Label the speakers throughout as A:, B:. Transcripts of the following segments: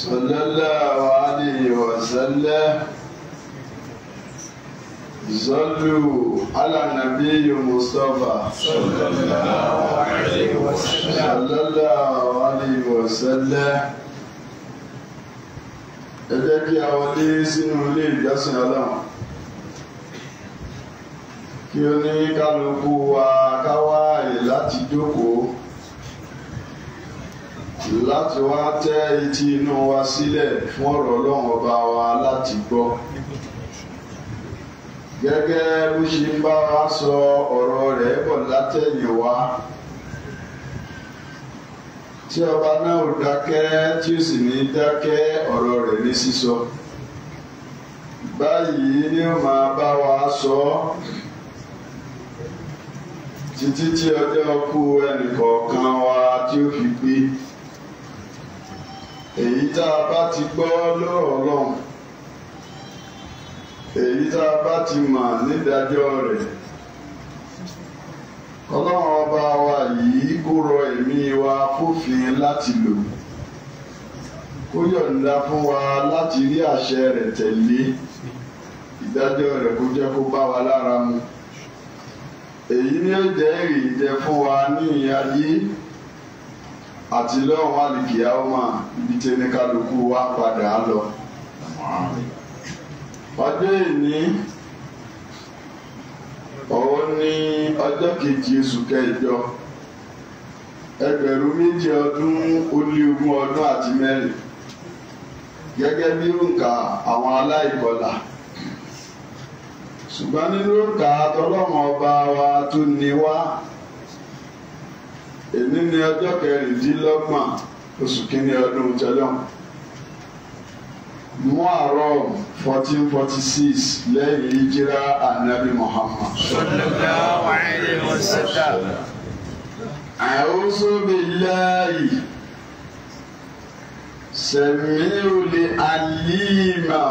A: صلى الله عليه وسلم
B: صلوا على النبي مصطفى صلى الله عليه وسلم صلى الله عليه
A: وسلم ẹ jẹ́ kí a wọlé sínú ilé ìjọsìn ọlọ́run kí oníkálukú wa
B: ká wáyé láti jókòó láti wá tẹ́ etí inú wa sílẹ̀ fún ọ̀rọ̀ ọlọ́run ọba wa láti gbọ́
A: gẹ́gẹ́ bó ṣe ń bá wa sọ ọ̀rọ̀ rẹ̀ bọ̀ látẹ̀yìn wa tí ọba náà ò dákẹ́ tí ó sì ní dákẹ́ ọ̀rọ̀ rẹ̀ ní sísọ báyìí ni ó máa bá wa sọ títí tí ọjọ́ kú ẹnìkọ̀ọ̀kan wa tí ó fi gbé èyí tá a bá ti gbọ́ lọ́rọ̀ ọlọ́run èyí tá a bá ti mọ̀ nídàájọ́ rẹ̀
B: ọlọ́run ọba wa yìí kó rọ ẹ̀mí wa fófin láti lò
A: kó yọ̀ǹda fún wa láti rí àṣẹ rẹ̀ tẹ̀lé ìdájọ́ rẹ̀ kó jẹ́ kó bá wa lára mu èyí ni ó jẹ́ èrè jẹ fún wa ní ìyá yìí àti lọ́wọ́ àlìkìyà ó máa ibi tẹ́ni kálukú wá padà á lọ. ọjọ́ ìní òun ni ọjọ́ kejì oṣù kẹjọ ẹgbẹ̀rún méjì ọdún ó lé ogún ọdún àti mẹ́rin gẹ́gẹ́ bí òǹkà àwọn aláìkọlà ṣùgbọ́n nínú òǹkà tọlọ́mọ wa tó ní wá èmi ni ọjọ́ kẹrìndínlọ́gbọ̀n oṣù kínní ọdún tẹ́lọ̀n muharram fourteen forty six lẹ́yìn ìjírá anabi muhammad. sallallahu alayhi wa sallam. a'udhu billahi sami'ul alima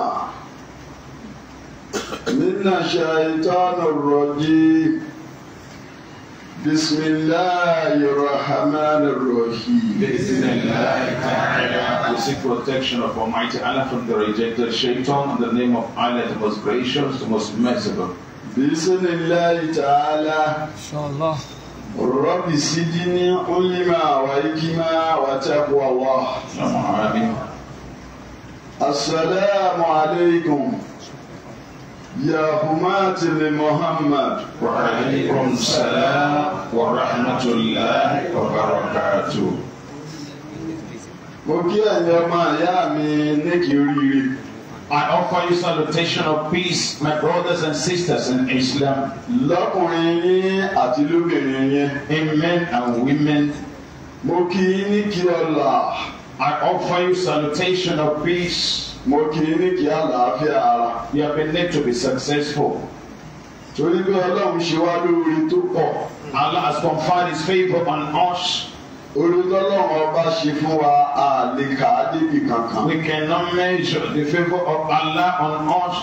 A: mina shaitanir rajim. بسم الله الرحمن الرحيم بسم الله تعالى We seek protection of Almighty Allah from the rejected shaitan in the name of Allah the most gracious, the most merciful. بسم الله تعالى
B: إن شاء الله
A: رب سجني علما وحكما وتقوى الله. آمين. السلام عليكم يا همات لمحمد وعليكم السلام ورحمة الله وبركاته mo kí ẹ̀yin ọmọ ìyá mi ní kí I offer you salutation of peace, my brothers and sisters in Islam. Lọ́kùnrin yín àti lóbìnrin yín. In men and women. Mo kí ní kí ọlà. I offer you salutation of peace mo kì í ní kí àlàáfíà ara you have been made to be successful torí pé ọlọ́run ṣe wá lórí tó pọ̀ Allah has conferred his favour on us. olùdọ́lọ́run ọba ṣe fún wa àlèkà débi kankan. we cannot measure the favour of Allah on us.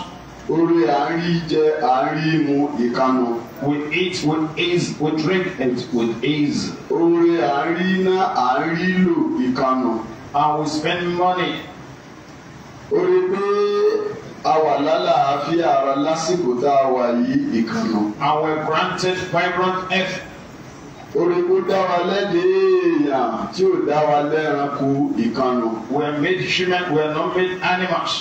A: orí àárí jẹ àárí mu ìkànnù. we eat with ease we drink it with ease. orí àárí ná àárí lò ìkànnù. and we spend money ó rí pé a wà lálàáfíà ara lásìkò tá a wà yìí ìkànnà. and granted vibrant earth. Oríkó dá wa lẹ́dẹ̀ èèyàn tí ò dá wa lẹ́ranko ìkànnà. We are made human, we are not made animals.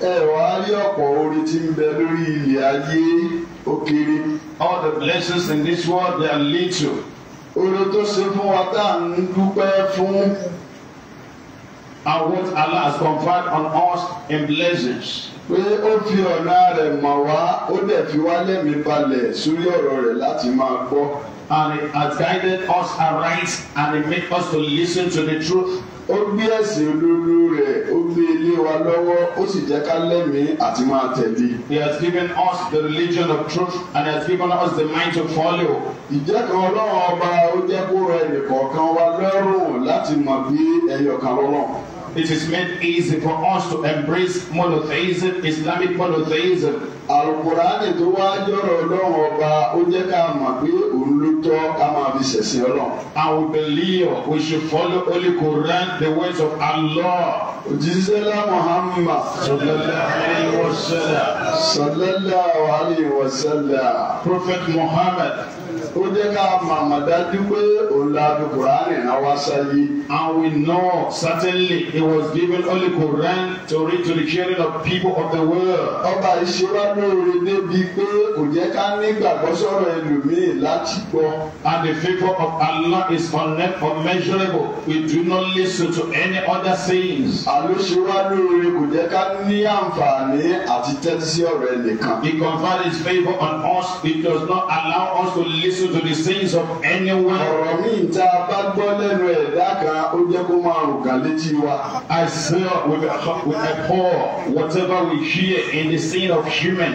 A: Ẹ wá rí ọ̀pọ̀ orí tí ń bẹ lórí ilẹ̀ ayé ó kéré. All the blessings in this world they are little. Oore fún wa tá à ń dúpẹ́ fún and what Allah has conferred on us in blessings. pé ó fi ọ̀nà rẹ̀ mọ̀ wá ó dẹ̀ fi wá lẹ́mí balẹ̀ sórí ọ̀rọ̀ rẹ̀ láti máa gbọ́. and he has guided us aright and he made us to listen to the truth. ó gbé ẹ̀sìn olúlu rẹ̀ ó gbé ilé wa lọ́wọ́ ó sì jẹ́ ká lẹ́mìí àti máa tẹ̀lé. he has given us the religion of truth and he has given us the mind to follow. ìjẹ́ kan ọlọ́run ọba ó jẹ́ kó rọ ẹnìkọ̀ọ̀kan wa lọ́rùn láti mọ̀ bí ẹyọ̀kan lọ́lọ́run it is made easy for us to embrace monotheism, Islamic monotheism. Àlùkùránì tó wá jọ̀rọ̀ Ọlọ́run ọba ó jẹ́ ká mọ̀ pé òun ló tọ́ ká máa fi ṣẹ̀sìn Ọlọ́run. I will believe we should follow only Quran the words of Allah. Òjíṣẹ́lá Muhammad sallallahu alayhi wa sallam. Sallallahu alayhi wa sallam. Prophet Muhammad ó jẹ́ ká màmá dájú pé òun la fi sáyé. And we know certainly He was given only Quran to read to the children of people of the world. Ọba ìṣèwà lóore débi pé kò jẹ́ ká nígbàgbọ́ sọ̀rọ̀ ẹlòmíì láti gbọ́. And the favour of Allah is unmeasurable. We do not listen to any other sayings. Àlóṣèwà lóore kò jẹ́ ká ní àǹfààní àti tẹ́tí sí ọ̀rọ̀ ẹnìkan. He conferred his favour on us. He does not allow us to listen to the sins of anyone. ọ̀rọ̀ mi ta bá gbọ́ lẹ́nu ẹ̀dá kan ó jẹ́ kó máa rùn kà létí wa. I swear with a with a paw whatever we hear in the sin of human.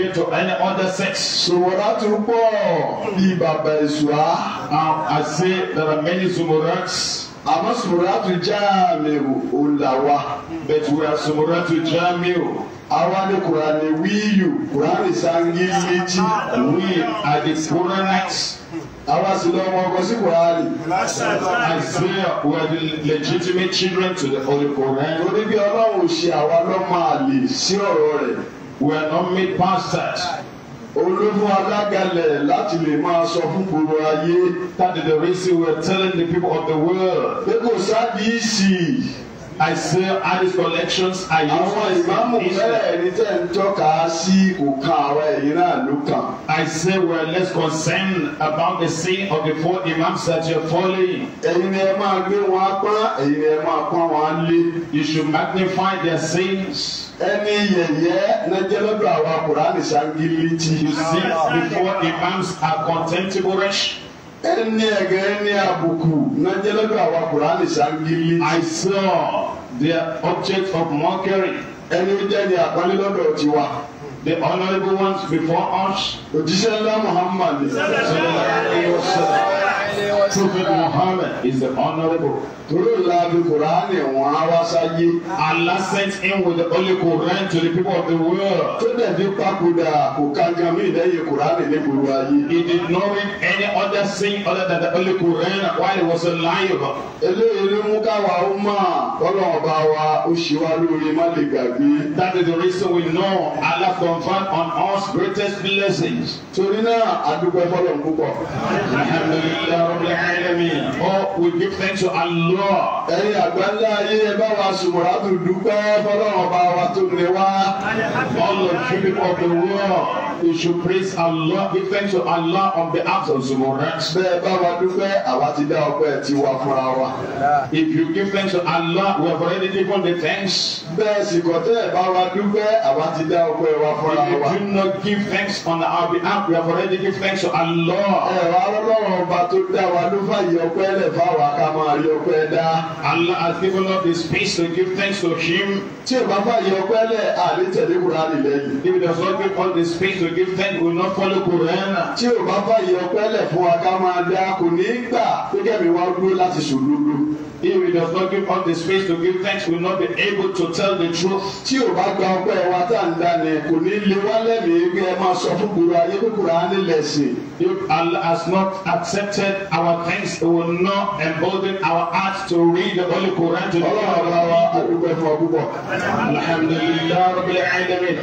A: appeal to any other sex. Sùwòrán ti pọ̀ bí bàbá ìṣúra. I say there are many Zumurats. Àmọ́ Sùmùràtù jáàmìrù òǹlàwà. But we are Sùmùràtù jáàmìrù. Àwa ni wiyu, wíyù. Kùránì sangi méjì. We are the Quranites. Àwa sì lọ ọmọ ọkọ sí Kùránì. Isaiah were the legitimate children to the Holy Quran. Orí bí Ọlọ́run ò ṣe àwa lọ́mọ àlè sí ọ̀rọ̀ rẹ̀. We are not made pastors olófó alágalẹ̀ láti lè máa sọ fún gbogbo ayé that the reason we are telling the people of the world pé kò sáà di I say his collections I are used. Àwọn ìmáàmù mẹ́rẹ̀ẹ̀rin tẹ̀ ń tọ́ka sí òkan àwọn ẹ̀yìn náà ló kàn. I say well, let's concern about the sin of the four imams that you are following. Ẹ̀yin ni ẹ máa gbé wọn apá, ẹ̀yin ni ẹ máa pọ́n wọn lé. You should magnify their sins. Ẹni yẹ̀yẹ́ lẹ́jẹ́ lọ́dọ̀ àwọn Kùránì ṣáńgílítì. You see, before imams are contemptible. rich ẹni ẹ̀gẹ́ ẹni àbùkù nàjẹ́lẹ́dọ̀ àwa kùránì sangili. I saw the object of mockery. ẹni jẹ́ ni àpọ́nlé lọ́dọ̀ tiwa. The honourable ones before us. òjíṣẹ́ ńlá Muhammad. sọlá ìwọ sọlá. Prophet Muhammad is the honourable. Through ìlànà Quran wọn á wá sáyé. Allah sent him with the Holy Quran to the people of the world. Tó dẹ̀bi papòdà kò kankan mí lẹ́yìn Kùránì ní the Qur'an, He did not read any other thing other than the Holy Quran while he was alive. Eléyìí ló mú káwa ó mọ̀ kọ́lọ̀ wa ó ṣe wá That is the reason we know Allah conferred on us greatest blessings. Torí náà, a dúpẹ́ fọlọ́ púpọ̀ rabbil we give thanks to Allah. Ẹ̀yin àgbáńlá ayé ẹ bá wa sùmùrà tó dúpẹ́ fọlọ́run bá wa tó lè wá. All of the people of the world, We should praise Allah, give thanks to Allah on behalf of Zumura. Bẹ́ẹ̀ bá wa dúpẹ́, àwa ti dá ọpẹ́ tiwa fúnra wa. If you give thanks to Allah, we have already given the thanks. Bẹ́ẹ̀ sì kọ́ tẹ́ ẹ̀ bá wa dúpẹ́, àwa ti dá ọpẹ́ wa fúnra wa. If you do not give thanks on our behalf, we have already given thanks to Allah. Ẹ̀rọ alọ́lọ́run ọba tó dá dá wa ló fàyè ọpẹ́ lẹ̀ fáwa ká máa rí ọpẹ́ dá. Allah has given us the space to give thanks to him. Tí o bá fàyè ọpẹ́ lẹ̀ àlè tẹ̀lé Kùránì lẹ́yìn. If there is not give us the space to give thanks we will not follow Quran. Tí o bá fàyè ọpẹ́ lẹ̀ fún wa ká máa dá kò ní gbà pé kẹ́mi wá dúró láti ṣòdodo. If we does not give us the space to give thanks we will not be able to tell the truth. Tí o bá gba ọpẹ́ wa tá à ń dání kò ní lè wá lẹ́mìí pé ẹ máa sọ fún gbòòrò ayé If Allah has not accepted our thanks. It will not embolden our hearts to read the Holy Quran together. Alhamdulillah,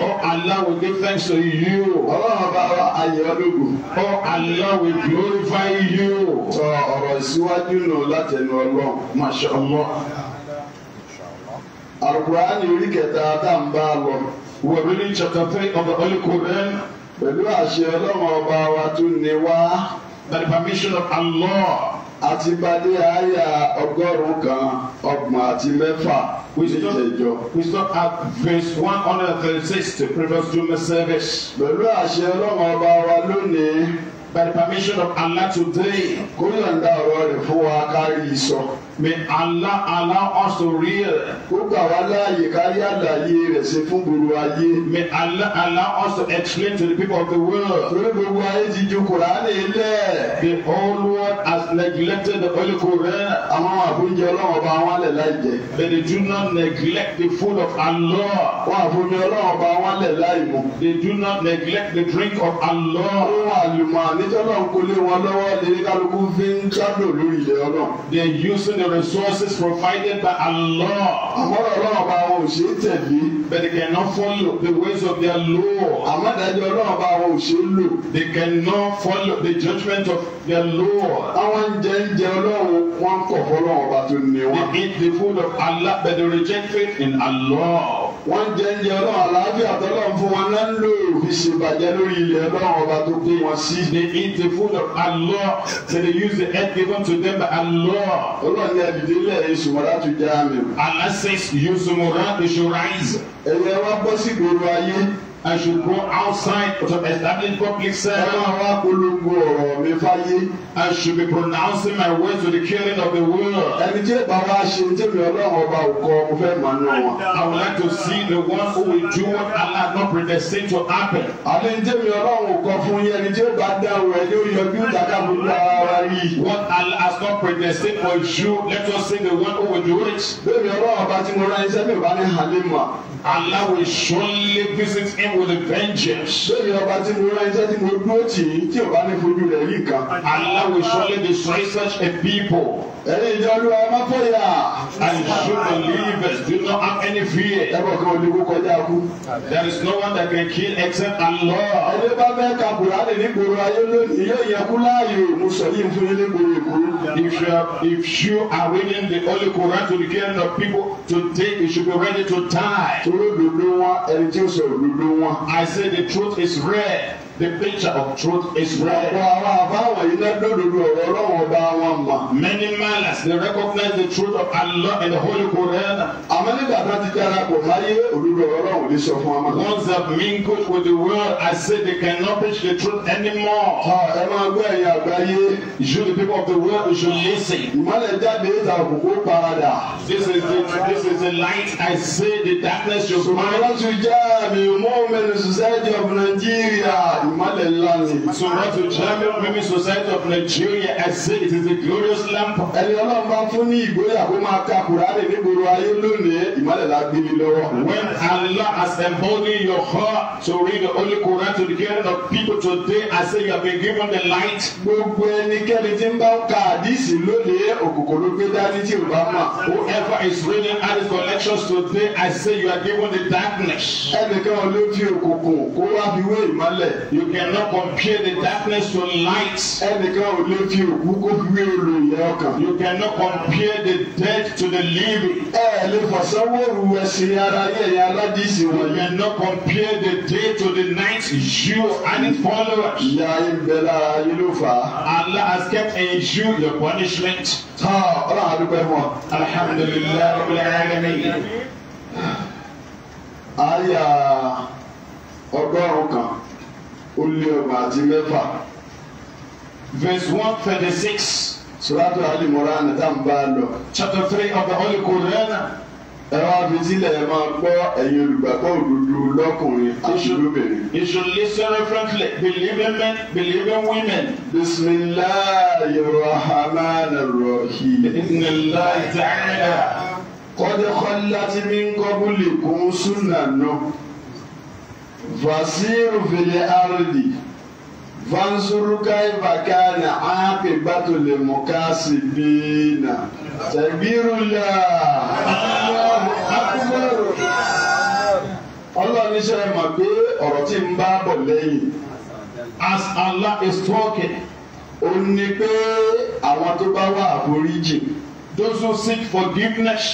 A: Oh Allah, we give thanks to you. Oh Allah, we glorify you. Sọ ọ̀rọ̀ ìsíwájú nù látẹnu Ọlọ́run, Masha Allah. Al-Qur'an orí kẹta tá à ń bá a lọ. We are reading chapter three of the Holy Quran. Pẹ̀lú àṣẹ Ọlọ́run ọba wa tún ni wá by the permission of Allah. àti pàdé àyà ọgọ́rùn-ún kan ọgbọ̀n àti mẹ́fà níjẹjọ. we stop at verse one hundred and thirty-six to previous Juma service. pẹ̀lú àṣẹ ọlọ́run ọba wa lónìí. by the permission of Allah today. kó yọ̀ǹda ọ̀rọ̀ rẹ̀ fún wa kárí sọ. May Allah allow us to real. Ó gbà wá láàyè kárí àlàyé rẹ̀ ṣe fún gbogbo ayé. May Allah allow us to explain to the people of the world. Torí gbogbo ayé ti ju Kùránì lẹ̀. The whole world has neglected the Holy Quran. Àwọn àfúnjẹ ọlọ́run ọba wọn lẹ̀ láì jẹ. they do not neglect the food of Allah. Wọ́n àfúnjẹ ọlọ́run ọba wọn lẹ̀ láì mu. They do not neglect the drink of Allah. Wọ́n àlùmọ̀ àníjọ́ náà kólé wọn lọ́wọ́ lè kálukú fi ń ṣàdó lórí ilẹ̀ ọlọ́run. They use the the resources provided by Allah. Àwọn ọlọ́run bá wọn ò ṣe é tẹ̀lé. But they cannot follow the ways of their law. Àwọn adájọ́ ọlọ́run bá wọn ò ṣe é lò. They cannot follow the judgment of their law. Àwọn oúnjẹ ń jẹ ọlọ́run wọn kọ̀ fọlọ́run ọba tó ní wọn. They eat the food of Allah but they reject faith in Allah wọ́n ń jẹ ń jẹ ọlọ́run àlàáfíà tọ́lọ́run fún wọn náà ń lò fi ṣèbàjẹ́ lórí ilẹ̀ ọlọ́run ọba tó pé wọn sí. they eat the food of Allah they use the earth given to them by Allah. ọlọ́run ní àdìdí ilẹ̀ ìṣòwòrán tó jẹ́ àmì. Allah says you should rise. ẹ̀yẹ wa bọ́ sí gbòòrò ayé. I should go outside to establish public service. Ẹ máa ọ̀rọ̀ mi fáyé. I should be pronouncing my words to the killing of the world. Ẹni tí èèpà bá ṣe tèmi ọlọ́run ọba òkọ mo fẹ́ mọ̀ nù wọn. I would like to see the one who will do what Allah not predestined to happen. Àlẹ́ ní tèmi ọlọ́run òkọ fún yẹn ẹni tí èèpà dá òun ẹni ó yọ bí gbogbo ara rí. What Allah has not predestined for you, let us see the one who will do it. Bẹ́ẹ̀ni ọlọ́run ọba tí mo rán iṣẹ́ mi ò bá ní Halima. Allah will surely visit him with a vengeance. Bẹ́ẹ̀ni ọba tí mo rán iṣẹ́ tí mo dúró tì í tí ò bá ní fojú rẹ̀ rí nǹkan. Allah will surely destroy such a people. Ẹ̀yin ìjọ olúwa má fọyà. And should the believers do not have any fear. Ẹ̀bọ̀ kan ò ní kọjá kú. There is no one that can kill except Allah. Ẹni bá fẹ́ ka Kùránì ní gbòòrò ayé lónìí yóò yẹ kú láàyò. Mo sọ yìí fún yín ní gbòòrò Èkó. If you are, if you are reading the Holy Quran to the care of people today, you should be ready to die. Toró dòdò ẹni tí ó sọ òdodo wọn. one. I say the truth is rare. The picture of truth is red. Ọ̀pọ̀ àbáwọ̀ yìí náà lódodo ọ̀rọ̀ ọlọ́run ọba wọn mọ̀. Many malas they recognize the truth of Allah and the Holy Quran. Àmọ́ nígbà tó ti dára kò máyé òdodo ọ̀rọ̀ ní sọ fún wa. Once they mingle with the world, I say they cannot preach the truth anymore. Ẹ máa gbọ́ ẹ̀yin àgbáyé. You the people of the world you should listen. Ìmọ̀lẹ̀ jáde ìta òkùnkùn parada. This is the this is the light I say the darkness should find. Sọ̀rọ̀ láti jẹ́ àmì mọ́ọ̀mẹ́ni society of Nigeria ìmọ́lẹ̀ ńlá ni. Sọ̀rọ̀ German Women Society of Nigeria ẹ̀sẹ̀ it is a glorious lamp. Ẹni Ọlọ́run bá fún ní ìgboyà kó máa ka Kùránì nígboro ayé lónìí, ìmọ́lẹ̀ gbé mi lọ́wọ́. When Allah has emboldened your heart to read the Holy Quran to the gathering of people today, I say you have been given the light. Gbogbo ẹnikẹ́ni tí ń bá ka àdísì lónìí, òkùnkùn ló gbé dání tí ò bá mọ̀. Whoever is reading Hadith collections today, I say you are given the darkness. Ẹnìkan ló fi òkùnkùn kó wá fi wé ìmọ́lẹ̀. You cannot compare the darkness to light. Ẹnìkan ò lè fi òkú gbé olóyè ọkàn. You cannot compare the dead to the living. Ẹ lè fọ̀sánwóoru ẹ̀sìn ara yẹ̀yẹ̀ aládìsí wọ̀nyí. You cannot compare the day to the night. You and its followers. Ìyá ìbẹ̀lẹ̀ ayé Allah has kept a Jew your punishment. Tá ọ̀rọ̀ àdúgbò wọn. Alhamdulilayi rabbil alamin. Aya ah, ọgọ́rùn-ún kan ó àti mẹ́fà verse one thirty six suratu alimorana tá n lọ chapter three of the holy Quran ẹ̀rọ abitílẹ̀ ẹ̀ máa gbọ́ ẹ̀yin olùgbàgbọ́ òdodo lọ́kùnrin àti lóbìnrin. you should listen reverently believing men believing women. bisimilayi rahman rahim. bisimilayi ta'ala. kọ́dé kọ́lá tí mi ń kọ́ bó lè kún súnà náà fasiru fili ardi fansuru kaifa kana aqibatu le mokasi bina akbar Allah ní ṣe mọ̀ pé ọ̀rọ̀ tí ń bá bọ̀ lẹ́yìn as Allah is talking ó ní pé àwọn tó bá wà àforíjì those who seek forgiveness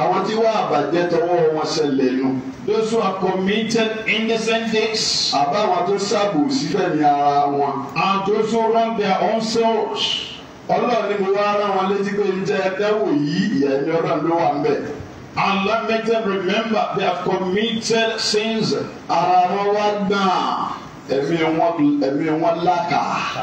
A: àwọn tí wà àbàjẹ́ tọwọ́ wọn ṣẹlẹ̀ nù. No those who have committed indecent acts. àbáwọn tó ṣàbòsí fẹ́ ni ara wọn. and those who run their own souls. ọlọ́run ni mo wá rán wọn létí pé njẹ́ ẹ̀dẹ́wò yìí ìyẹn ni ọlọ́run ló wà ń and let make them remember they have committed sins. ara wọn wá gbọ́n ẹ̀mí wọn ẹ̀mí wọn lákà.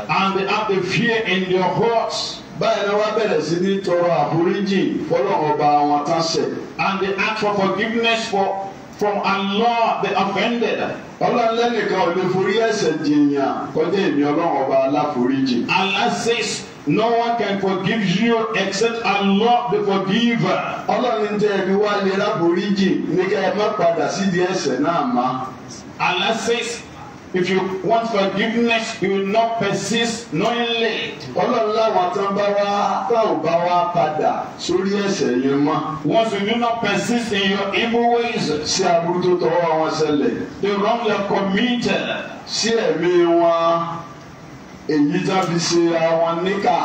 A: and they have the fear in their hearts báyìí ni wọ́n bẹ̀rẹ̀ sí ní tọrọ àforíjì fọlọ́run ọba wọn tán ṣẹ̀. and they ask for forgiveness for from Allah the offended. Ọlọ́run lẹ́nìkan ò lè forí ẹ̀ṣẹ̀ jìyàn kọjá èmi Ọlọ́run ọba aláforíjì. Allah says no one can forgive you except Allah the forgiver. Ọlọ́run tẹ́ ẹ̀mí wá lè ráforíjì ní ká ẹ má padà sídìí ẹ̀ṣẹ̀ náà má. Allah says if you want forgiveness you will not persist knowingly. ọlọ́run láwọn tán bá wá tá ò bá wá padà sórí ẹ̀ṣẹ̀ yẹn mọ́. once you do not persist in your evil ways. ṣé aburú tó tọwọ́ wọn ṣẹlẹ̀. the wrong you committed. ṣé ẹ̀mí wọn èyí tá fi ṣe àwọn níkà.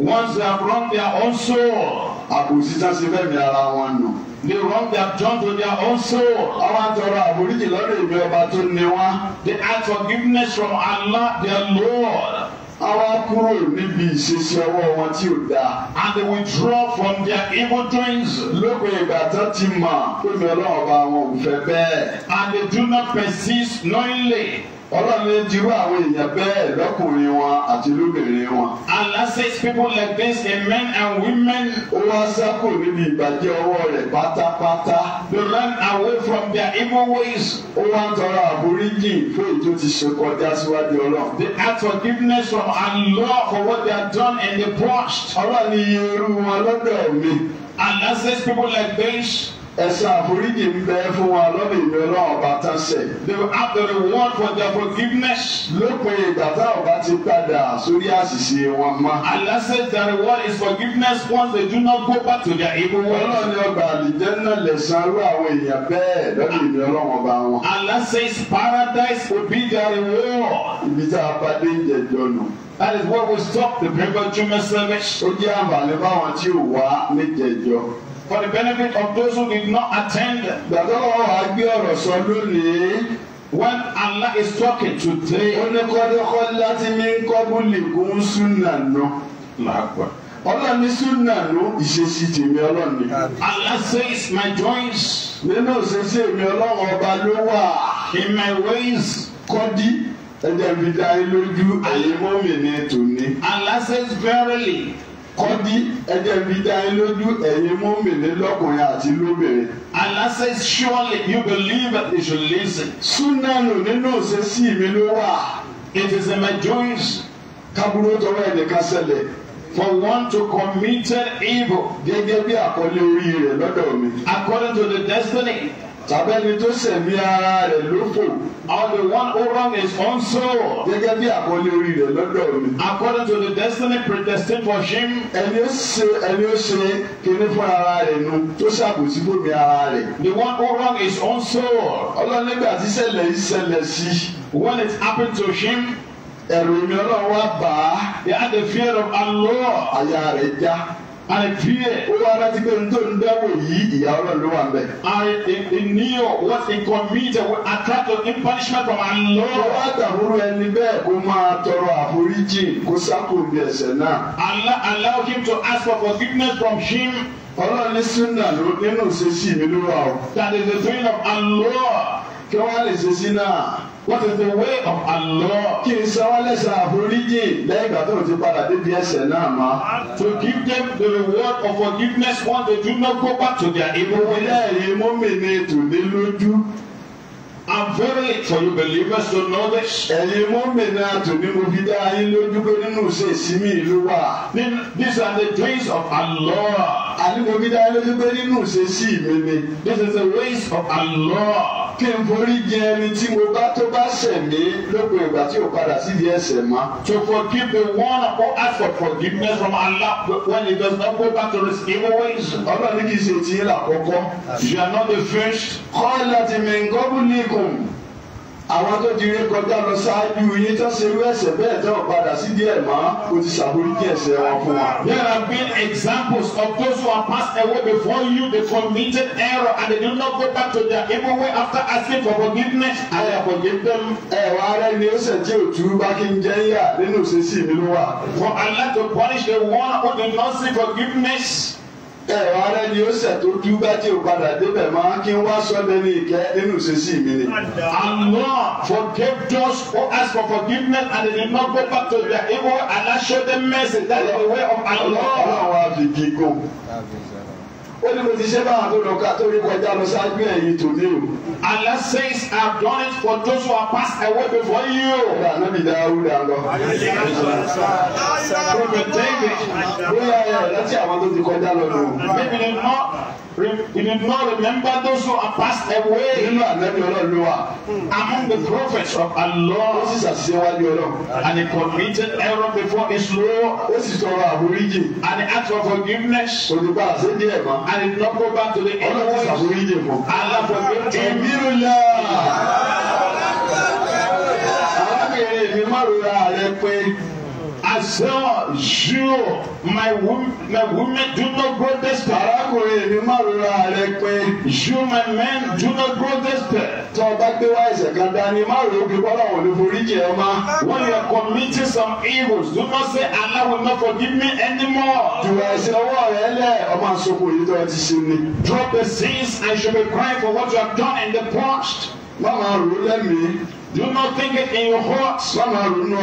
A: once you have wronged their own soul. àbòsí tá ṣe fẹ́ mi ara wọn nù the wrong they have done to their own soul. Àwọn àtọ̀rọ̀ àforíjì lọ́dọ̀ ìwé ọba tó ní wá. They ask forgiveness from Allah their Lord. Àwa kúrò níbi ìṣesí ọwọ́ wọn tí ò dáa. And they withdraw from their evil doings. Lópin ìgbà tó ti mọ̀ pé mi ọlọ́run ọba wọn ò fẹ́ bẹ́ẹ̀. And they do not persist knowingly. Ọlọ́run ní dirú àwọn èèyàn bẹ́ẹ̀ lọ́kùnrin wọn àti lóbìnrin wọn. Allah says people like this in men and women. Ó wá sákò níbi ìbàjẹ́ ọwọ́ rẹ̀ pátápátá. They run away from their evil ways. Ó wá ń tọrọ àforíjì fún èyí tó ti ṣe kọjá síwájú Ọlọ́run. They ask forgiveness from Allah for what they have done in the past. Ọlọ́run ní iye irú wọn lọ́dọ̀ mi. Allah says people like this ẹ̀ṣẹ̀ àforíjì ń bẹ fún wa lọ́dọ̀ ìwé náà bàtà ṣẹ̀. they will have the reward for their forgiveness. lópin ìgbà tá ò bá ti padà sórí àṣìṣe wọn mọ́. Allah says the reward is forgiveness once they do not go back to their evil ways. ọlọ́run ni ọgbà àlìjẹ́ náà lè san irú àwọn èèyàn bẹ́ẹ̀ lọ́dọ̀ ìwé ọlọ́run ọba wọn. Allah says paradise will be their reward. ibi tá a padé ń jẹjọ nù. That is what will stop the premature service. ó jẹ́ àǹfààní fáwọn tí ò wá níjẹ̀jọ́ for the benefit of those who did not attend. gbàgbọ́ wa gbé ọ̀rọ̀ sọ lónìí. When Allah is talking today. ó ní kọ́dọ́kọ́ láti ní kọ́bùlì kún súnà náà. làákùá. súnà ló ìṣesí tèmi Ọlọ́run Allah says my joints. nínú òṣèṣe èmi Ọlọ́run ọba ló wà. in my ways. kọ́dí ẹ̀jẹ̀ mi dá ilé lójú àyè mọ́mì ní tòní. Allah says verily kọ́dí ẹjẹ́ fi dá yín lójú ẹ̀yin mọ́mìnì lọ́kùnrin àti lóbìnrin. Allah says surely you believe that you should listen. súnánù nínú òṣèṣì mi ló wà. it is in my joints. kábúrò tọwọ́ ẹnìkan ṣẹlẹ̀. for one to commit evil. gẹ́gẹ́ bí àkọlé orí rẹ̀ lọ́dọ̀ mi. according to the destiny tàbẹ́ni tó sẹ̀mí ara rẹ̀ lófò. or the one who wrong his own soul. gẹ́gẹ́ bí àkọlé orí rẹ̀ lọ́dọ̀ mi. according to the destiny predestined for him. ẹni ó ṣe ẹni ó ṣe kíní fún ara rẹ̀ nu tó ṣàkóso fún mi ara rẹ̀. the one who wrong his own soul. ọlọ́run nígbà tí ṣẹlẹ̀ yìí ṣẹlẹ̀ sí. when it happened to him. ẹ̀rù mi ọlọ́run wá bá a. he had the fear of Allah. àyà rẹ̀ já. I fear. Ó wá rántí pé n tó ń dáwọ̀ yìí ìyá ọlọ́run ló wà ń bẹ̀. I knew what he committed will attract him punishment of our Lord. Ó wá dàbúrú ẹni bẹ́ẹ̀ kó máa tọrọ àforíjì kó sákò bí ẹ̀ṣẹ̀ náà. Allah allow him to ask for forgiveness from him. Ọlọ́run ní Súnà ló nínú ìṣesí mi ló wà o. That is the thing of Allah. Kí wọ́n á lè ṣe sí náà. What is the way of Allah? Kí n san wọ́n lẹ́sẹ̀ àforíjì lẹ́yìn ìgbà tó o ti padà débi ẹ̀ṣẹ̀ náà mọ́. To give them the reward of forgiveness one they do not go back to their evil ways. Ilé ẹ̀yin mú mi ní tòní lójú. I'm very for you believers to know this. Ẹ̀yin mú mi ní àtúndí mo fi dá yín lójú pé nínú ṣe ìsinmi ìlú wa. These are the days of Allah. Àní mo dá yín lójú pé nínú ṣe sí mi This is the ways of Allah kí n forí jẹ ẹni tí mo bá tó bá ṣẹ̀ mí lópin ìgbà tí o padà sí di ẹ̀ṣẹ̀ mọ́. to forgive the one who ask for forgiveness from Allah when he does not go back to his evil ways. ọlọ́run kì í ṣe tiyín lákọ̀ọ́kọ́. you are not the first. kọ́ láti mi ń gọ́bù ní ikùn àwọn tó ti rékọjá lọ ṣáájú yín tó ṣe irú ẹ̀ṣẹ̀ bẹ́ẹ̀ tó padà sí díẹ̀ mọ́ o ti ṣàforíjì ẹ̀ṣẹ̀ wọn fún wa. There have been examples of those who have passed away before you they committed error and they did not go back to their evil way after asking for forgiveness and they forgive them. ẹ̀wà rẹ ni ó ṣe tí ò bá kí n jẹ́ yà nínú òṣèṣì mi ló wà. For Allah to punish the one who did not seek forgiveness ẹ̀rọ ara ni ó ṣẹ̀ tó dúgbà tí padà débẹ̀ máa kí n wá sọ́dẹ̀ ní ìkẹ́ nínú ìṣesí mi ni. Allah forgive those who ask for forgiveness and they did not go back to their evil and Allah show them mercy that is the way of Allah. Allah wa
B: fi gígùn
A: ó mo ti ṣe báwọn tó lọ ká kọjá lọ ṣáájú ẹ̀yìn tòní o. Allah says I have done it for those who have passed away before you. Ọ̀gá ànábì Dáúdà lọ. Prophet David. Bóyá ẹ̀ láti àwọn tó ti kọjá lọ nù. Maybe not. We did not remember those who are passed away. Nínú ànábì Ọlọ́run ló wà. Among the prophets of Allah. Ó sì ṣàṣewájú Ọlọ́run. And he committed error before his law, Ó sì tọrọ àforíjì. And he asked for forgiveness. Olùkọ́ àṣẹ díẹ̀ mọ́. And he did not go back to the end. Ọlọ́run ṣàforíjì fún. Allah forgive him. Ẹ̀mí rẹ̀ la. Arábìnrin mi máa rora myself, you, my women, my women, do not grow despair. Arákùnrin mi máa rora rẹ pé. You, my men, do not grow despair. Tó o bá gbé wá ẹ̀ṣẹ̀ kan dání, má rò ó pé bọ́lá wọn ló forí jẹ ọ́ má. When you are committing some evils, do not say Allah will not forgive me anymore. Jùwà ẹ̀ṣẹ̀ ọwọ́ rẹ lẹ̀, ọmọ àsopọ̀ yìí tó ti ṣe ni. Drop the sins and you be crying for what you have done in the past. Má máa rò ó lẹ́mìí. Do not think it in your heart. Lọ́nà àrùnú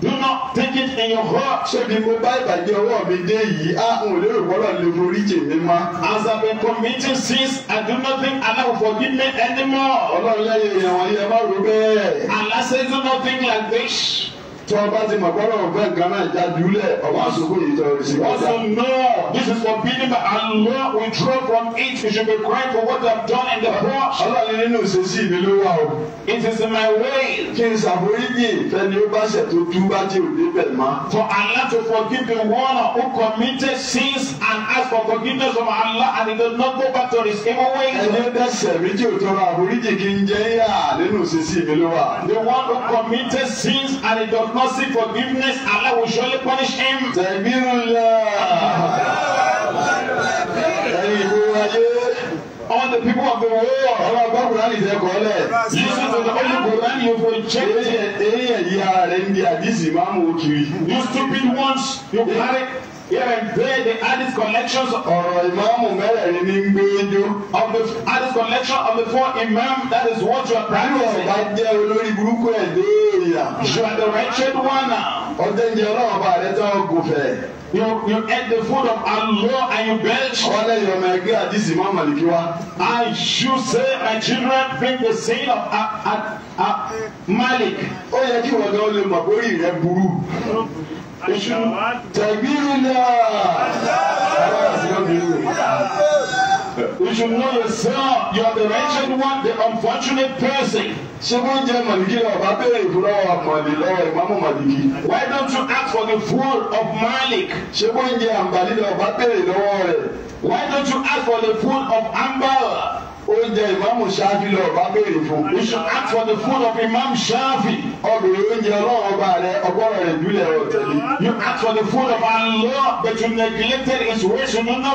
A: Do not think it in your heart. Ṣébi mo bá ìbàjẹ́ ọwọ́ mi dé yìí, á n ò lérò bọ́lá lè forí jì mí mọ́. As I been committing sins, I do not think Allah will forgive me anymore. Ọlọ́run lẹ́yìn ìyàwó yẹn má ro bẹ́ẹ̀. Allah says do not think like this tí wọn bá ti mọ̀ gbọ́dọ̀ ọ̀fẹ́ nǹkan náà jáde ulẹ̀ ọ̀wá sọ̀kún yìí
B: tọrọ sí. wọ́n
A: náà this is forbidden by Allah withdraw from it you should be crying for what they have done in the past. ọlọ́run nínú ìṣesí mi ló wà o. it is in my way. kí n ṣàforíjì fẹ́ni ó bá ṣẹ̀ tó túbá tí ò débẹ̀ mọ́. for Allah to forgive the one who committed sins and ask for forgiveness from Allah and he does not go back to his evil ways. ẹni dẹ́ṣẹ̀ méjì ò tọrọ àforíjì kí n jẹ́ yà nínú ìṣesí mi ló wà. the one who committed sins and he does not seek forgiveness, Allah will surely punish him. All the people of the world. Ọ̀rọ̀ ọgbà Quran ìfẹ́ kọ́lẹ̀. Listen to the only Quran you go check. Eyín ẹ̀yà rẹ̀ ń di àdìsí máa You stupid ones, you carry.
B: Here and there,
A: the hadith collections ọ̀rọ̀ ìmáàmù mẹ́rẹ̀ẹ̀rin ní gbóyédó. Of the hadith collection of the four imam that is what you are practicing. Bí ọba jẹ́ olórí burúkú ẹ̀ dé You are the wretched one now. Ọjọ́ ìjẹ́ ọlọ́run bá rẹ tán gòfẹ́. You you ate the food of Allah and you belch. Ọlẹ́ yọ ọmọ ẹgbẹ́ àdìsí máa màlìkí wá. I should say my children bring the sin of a a a Malik. Ó yẹ kí wọ́n gan-an lè mọ̀ pé orí rẹ̀ burú iṣu tẹ̀gbìrì náà. You should know yourself, you are the wretched one, the unfortunate person. Why don't you ask for the fool of Malik? Why don't you ask for the fool of Ambal? oúnjẹ ìmáàmù ṣáfì lọ bá béèrè fún you should ask for the food of imam ṣáfì ọbẹ̀rẹ̀ oúnjẹ ọlọ́run ọba rẹ ọgbọ́rọ̀ rẹ dúlẹ̀ rẹ tẹ̀lé you ask for the food of Allah but you neglected his ways you no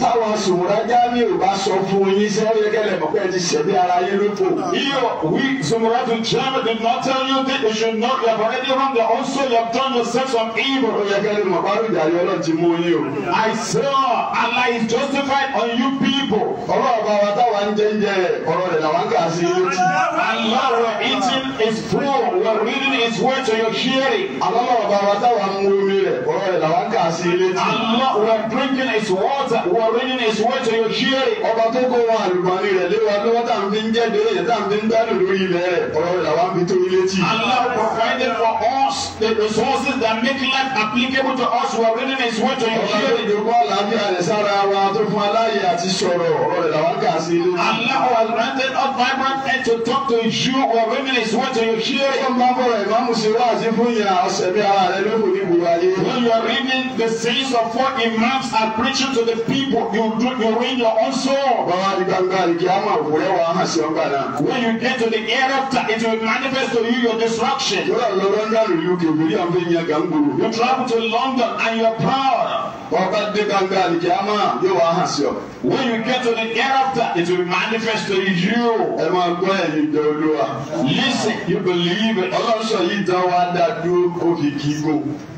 A: táwọn sùmùrájà mi ò bá sọ fún yín sẹ́ yẹ kẹ́lẹ́ mọ̀ ti ṣẹ̀bi ara yín lóko. iyo we sùmùrájù jẹ́mi did not tell you that you should not you have already wrong the also you have done yourself some evil. ó yẹ kẹ́lẹ́ mọ̀ bá rújà yọ ọlọ́run ti mú yín o. I saw Allah is justified on you people. ọlọ́run bá wa tá táwa ń jẹ́njẹ́ ọ̀rọ̀ rẹ̀ làwọn kà sí létí. Allah wa eating is poor wa reading is way to your hearing. Allah wa bàbá táwa ń mú omi rẹ̀ ọ̀rọ̀ rẹ̀ làwọn kà sí létí. Allah drinking is water wa reading is way to your hearing. Ọba tó kó wọn àlùbọ́nì rẹ̀ léwa lọ́wọ́ tá à ń fi ń jẹ́ délé tá à ń fi ń dánù lórí ilẹ̀ rẹ̀ ọ̀rọ̀ rẹ̀ làwọn fi tó létí. Allah provided for us the resources that make life applicable to us wa reading is way to your hearing. Ọba tó dùn àlàáfíà rẹ̀ sára wa tó fún aláyè àti sọ̀rọ̀ ọ̀rọ̀ rẹ̀ làwọn kà sí Hallelujah. Allah has granted us vibrant head to talk to you or reminisce what you hear. Ṣé máa bọ̀ ẹ̀ máa mú sí wá sí fún yà ọ̀sẹ̀ bí ara rẹ̀ lóko ní ìwúwa When you are reading the sayings of four imams and preaching to the people, you do you read your own soul. Bàbá àti gbàngàn àti kìámà òwúrẹ́ wa hàn sí ọgbà náà. When you get to the hereafter, it will manifest to you your destruction. Yóò lọ London ìlú kèbìrì àwọn fẹ́ yan gàngòrò. You travel to London and you are proud. Bàbá àti gbàngàn àti kìámà yóò wá hàn sí ọ. When you get to the hereafter, it will manifest to you. Ẹ máa gbọ́ ẹ̀yin dán olúwa. Listen. You believe it. Ọlọ́sọ̀ yìí dán wa dá dúró òkìkí gbò.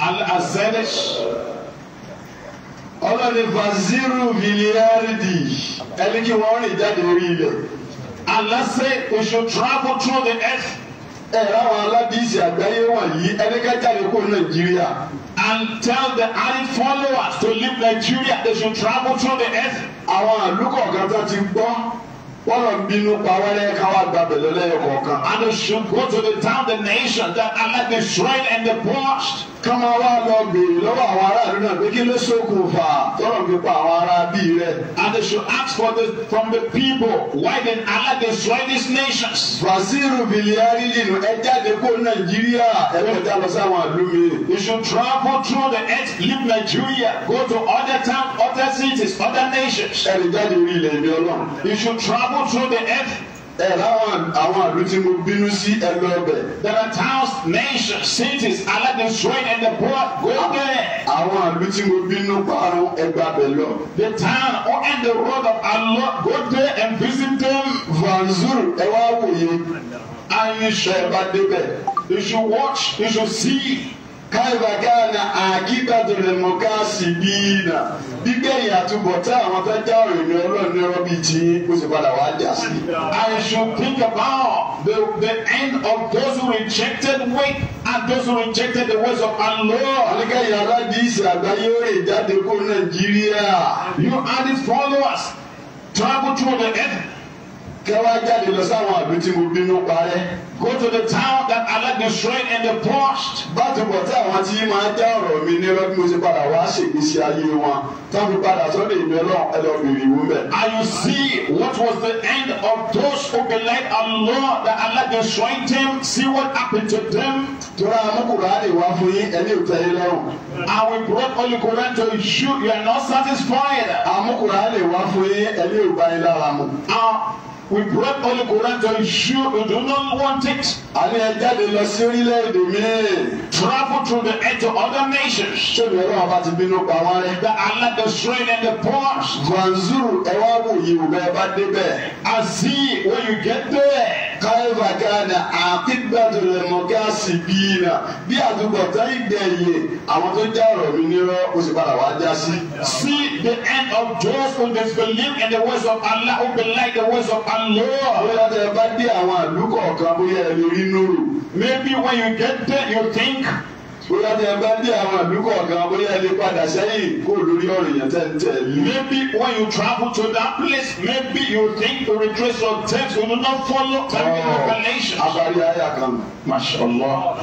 A: Al-Azalish. Ọlọ́ni Vaziru Villardi. Ẹni kí wọ́n rìn jáde orí ilẹ̀. Allah say we should travel through the earth ẹ ráwọn aládìsí àgbáyé wọ̀nyí ẹni ká jáde kó nàìjíríà. and tell the army followers to leave Nigeria they should travel through the earth. àwọn àlùkò kan tó ti gbọ́ wọ́n lọ bínú pa wẹ́rẹ́ káwá gbàgbé lọ́lẹ́yọ̀ kọ̀ọ̀kan. and they should go to the town the nation that Allah destroyed and deposed ká máa wá lọ béèrè lọ́wọ́ àwọn aráàlú náà pé kí ló ṣokùnfà tọ́rọ̀ fi pa àwọn ará bí rẹ. and they should ask for the from the people why then Allah destroy these nations. fasiru biliari nínú ẹ jáde nàìjíríà ẹ bẹ jà lọ sáwọn ìlú mi. you should travel through the earth leave Nigeria go to other towns other cities other nations. ẹ jáde orí ilẹ̀ ìbí ọlọ́run. you should travel through the earth ẹ láwọn àwọn àlù tí mo bínú sí ẹ lọ bẹ̀. there are towns nations cities alẹ́ the straight and the poor go there. àwọn àlù tí mo bínú parun ẹgbà bẹ̀ lọ. the town or end the road of Allah go there and visit them. vanzur ẹ wá wòye. ayin ṣe ẹ bá débẹ̀. you should watch you should see káyọ̀ káyọ̀ àkíkàtò lè mọ bíi nà gbígbẹ̀yìn àtúbọ̀tán àwọn tó já òrìrì ọlọ́run ní ọlọ́bí tí ó sì padà wá jà sí. I should think about the the end of those who rejected way and those who rejected the ways of our Lord. àníkàyọ̀ aládìsí àgbáyé ó jáde kó Nàìjíríà. You and his followers travel through the earth kẹwàá jáde lọ sáwọn àdó tí mo bínú parẹ́. Go to the town that Allah destroyed and deposed. Báàtò bọ̀ tí àwọn tí máa dá ọ̀rọ̀ mi nírọ́ bí mo ti padà wá ṣègbésí ayé wọn. Táwọn padà sọ́dọ̀ èmi ọlọ́run ẹ lọ bèrè bẹ̀. And you see what was the end of those who belied Allah that Allah destroyed them. See what happened to them. Tora Amukurari wá fún yín ẹni ò tẹ́lẹ̀ lọ́rùn. And we brought Holy Quran to you. You are not satisfied. Amukurari wá fún yín ẹni ò bá yín lára mu we brought Holy Quran to you who do not want it. Àní ẹ jáde lọ sí orílẹ̀-èdè mi. Travel to the edge of other nations. Ṣé ìwé ọlọ́run bá ti bínú pa wọ́n rẹ̀? The Allah the strain and the poor. Manzuru ẹ wá wòye ò bẹ́ẹ̀ bá débẹ̀. I see when you get there káyọ̀bà gánà àkígbàdúró mọ́gásì bíi nà bí àdúgbòtán ìgbẹ̀yẹ àwọn tó já ọ̀rọ̀ mi nírọ̀ ó sì padà wá já sí. See the end of Joseph who disbelieve in the words of Allah who belied the words of Allah. bóyá tẹ bá dé àwọn àdúgbò kan bóyá ẹ lè rí nùrù. Maybe when you get there you think bóyá tí ẹ bá dé àwọn ìlú kọ̀ọ̀kan bóyá ẹ lè padà sẹ́yìn kó lórí ọ̀rọ̀ yẹn tẹ̀ maybe when you travel to that place maybe you think to retrace your steps you will not follow timely regulations. Oh, abali aya kan
B: mashallah.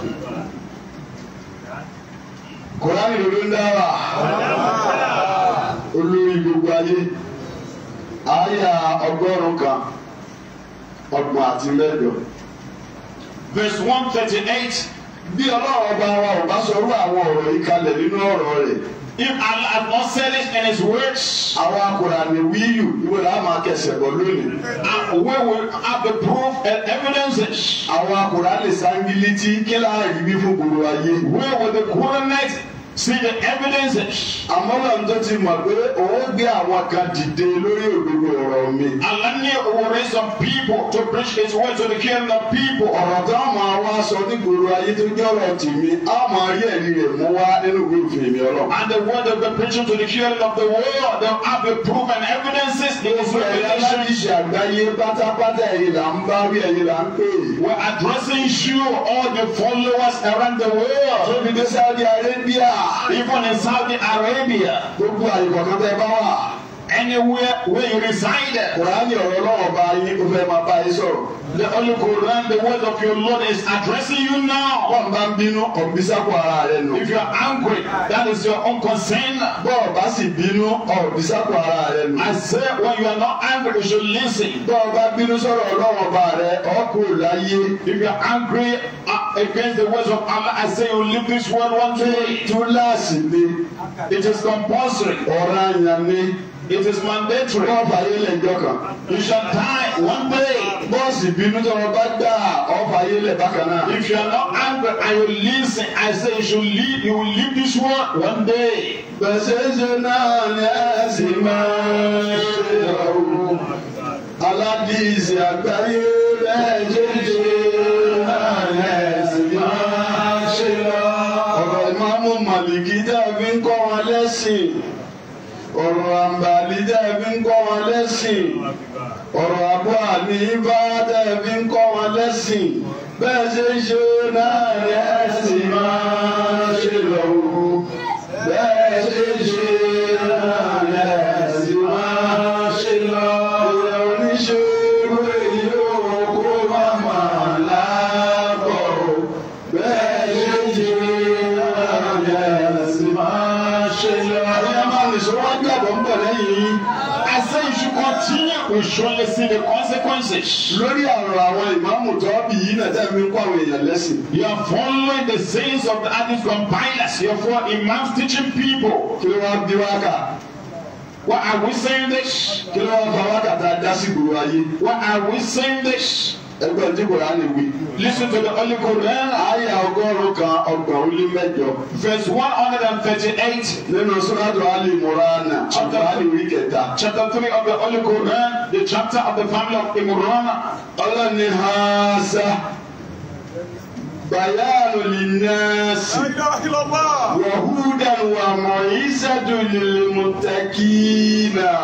A: kòránì ló ló ń dára olórí gbogbo ayé aya ọgọ́rùn-ún kan ọgbọ̀n àti mẹ́jọ. verse one thirty eight bí ọlọ́run ọba wa ò bá sọrú àwọn ọ̀rọ̀ yìí kalẹ̀ nínú ọ̀rọ̀ rẹ̀. If Allah has not said it in his words. Àwọn akùnrin wíyù ìwé la máa kẹsẹ̀ bọ̀ lónìí. We will have the proof and evidences. Àwọn akùnrin lè sangilítí kí láàyè bí fún gbogbo ayé. We will the coronate see the evidences. àmọ́lá ń tó ti mọ̀ pé òun gbé àwọn kan dìde lórí òdodo ọ̀rọ̀ mi. Allah ní raise some people to preach his word to the kingdom of people. ọ̀rọ̀ tó àmọ́ àwọn aṣọ nígboro ayé tó jẹ́ ọ̀rọ̀ tèmi àmọ́ ayé ẹ̀rí rẹ̀ mú wá nínú ìwé òfin mi ọlọ́run. and the word of the preaching to the kingdom of the world they have proof and evidences. gbogbo ẹ̀yà láti ṣe àgbáyé pátápátá ẹ̀yìn là ń bá rí ẹ̀yìn là ń pè. we are addressing you all the followers around the world. tóbi dé Saudi Arabia even in Saudi Arabia anywhere where you reside. Kùránì ọ̀rọ̀ lọ́wọ́ bá yín fẹ́ máa bá sọ̀rọ̀. The only Quran the word of your Lord is addressing you now. Bọ́ọ̀ bá ń bínú ọ̀bísàkó ara rẹ nù. If you are angry that is your own concern. Bọ́ọ̀ bá sì bínú ọ̀bísàkó ara rẹ nù. I say when you are not angry you should listen. Bọ́ọ̀ bá bínú sọ̀rọ̀ lọ́wọ́ bá rẹ ọkọ̀ láyé. If you are angry uh, against the words of Allah I say you leave this world one day. Túláàsì ni. It is compulsory. Ọ̀ranyàn ni it is mandatory. wọ́n fàyè lẹ̀ jọ you shall die one day. bọ́ọ̀sì bínú tí wọ́n bá gbà ọ́ fàyè bákan náà. if you are not angry and you listen I say you should leave you will leave this world one day.
B: gbèsèsè náà ni ẹ sì máa ṣe ọ̀rọ̀ aládìsí àgbáyé bẹ́ẹ̀ jẹ́jẹ́ náà
A: ṣe ọ̀rọ̀ ìmáàmù màlìkí dàbí ń kọ́ wọn lẹ́sìn. Oramba tàbí tẹ́ ẹ fi ń kọ́ wọn lẹ́sìn ọ̀rọ̀ àbọ̀ àní ibà tẹ́ ẹ ń kọ́ wọn lẹ́sìn bẹ́ẹ̀ ṣe ń ṣe náà ni ẹ máa ṣe lọ́wọ́. will surely see the consequences. lórí ọ̀rọ̀ àwọn ìmáàmù tọ́ọ̀bì yìí náà tẹ̀ mí kọ́ àwọn èèyàn lẹ́sìn. you are following the sayings of the hadith compilers your four imams teaching people. kí ló wá bí wá kà. What are we saying this? Kí ló wá fa wákàtà dásìgbò ayé? What are we saying this? ẹgbẹ́ tí Quran wí. listen to the holy Quran. àyà ọgọ́rùn-ún kan ọgbọ̀n ó lé mẹ́jọ. verse one hundred and thirty-eight. nínú sọ́dọ̀ Ali Imran chapter Ali orí kẹta. chapter three of the holy Quran the chapter of the family of Imran. ọlọ́ni haasa bayanu linnaasi wa hudan wa mọ̀yísàdùn lil muttaqina.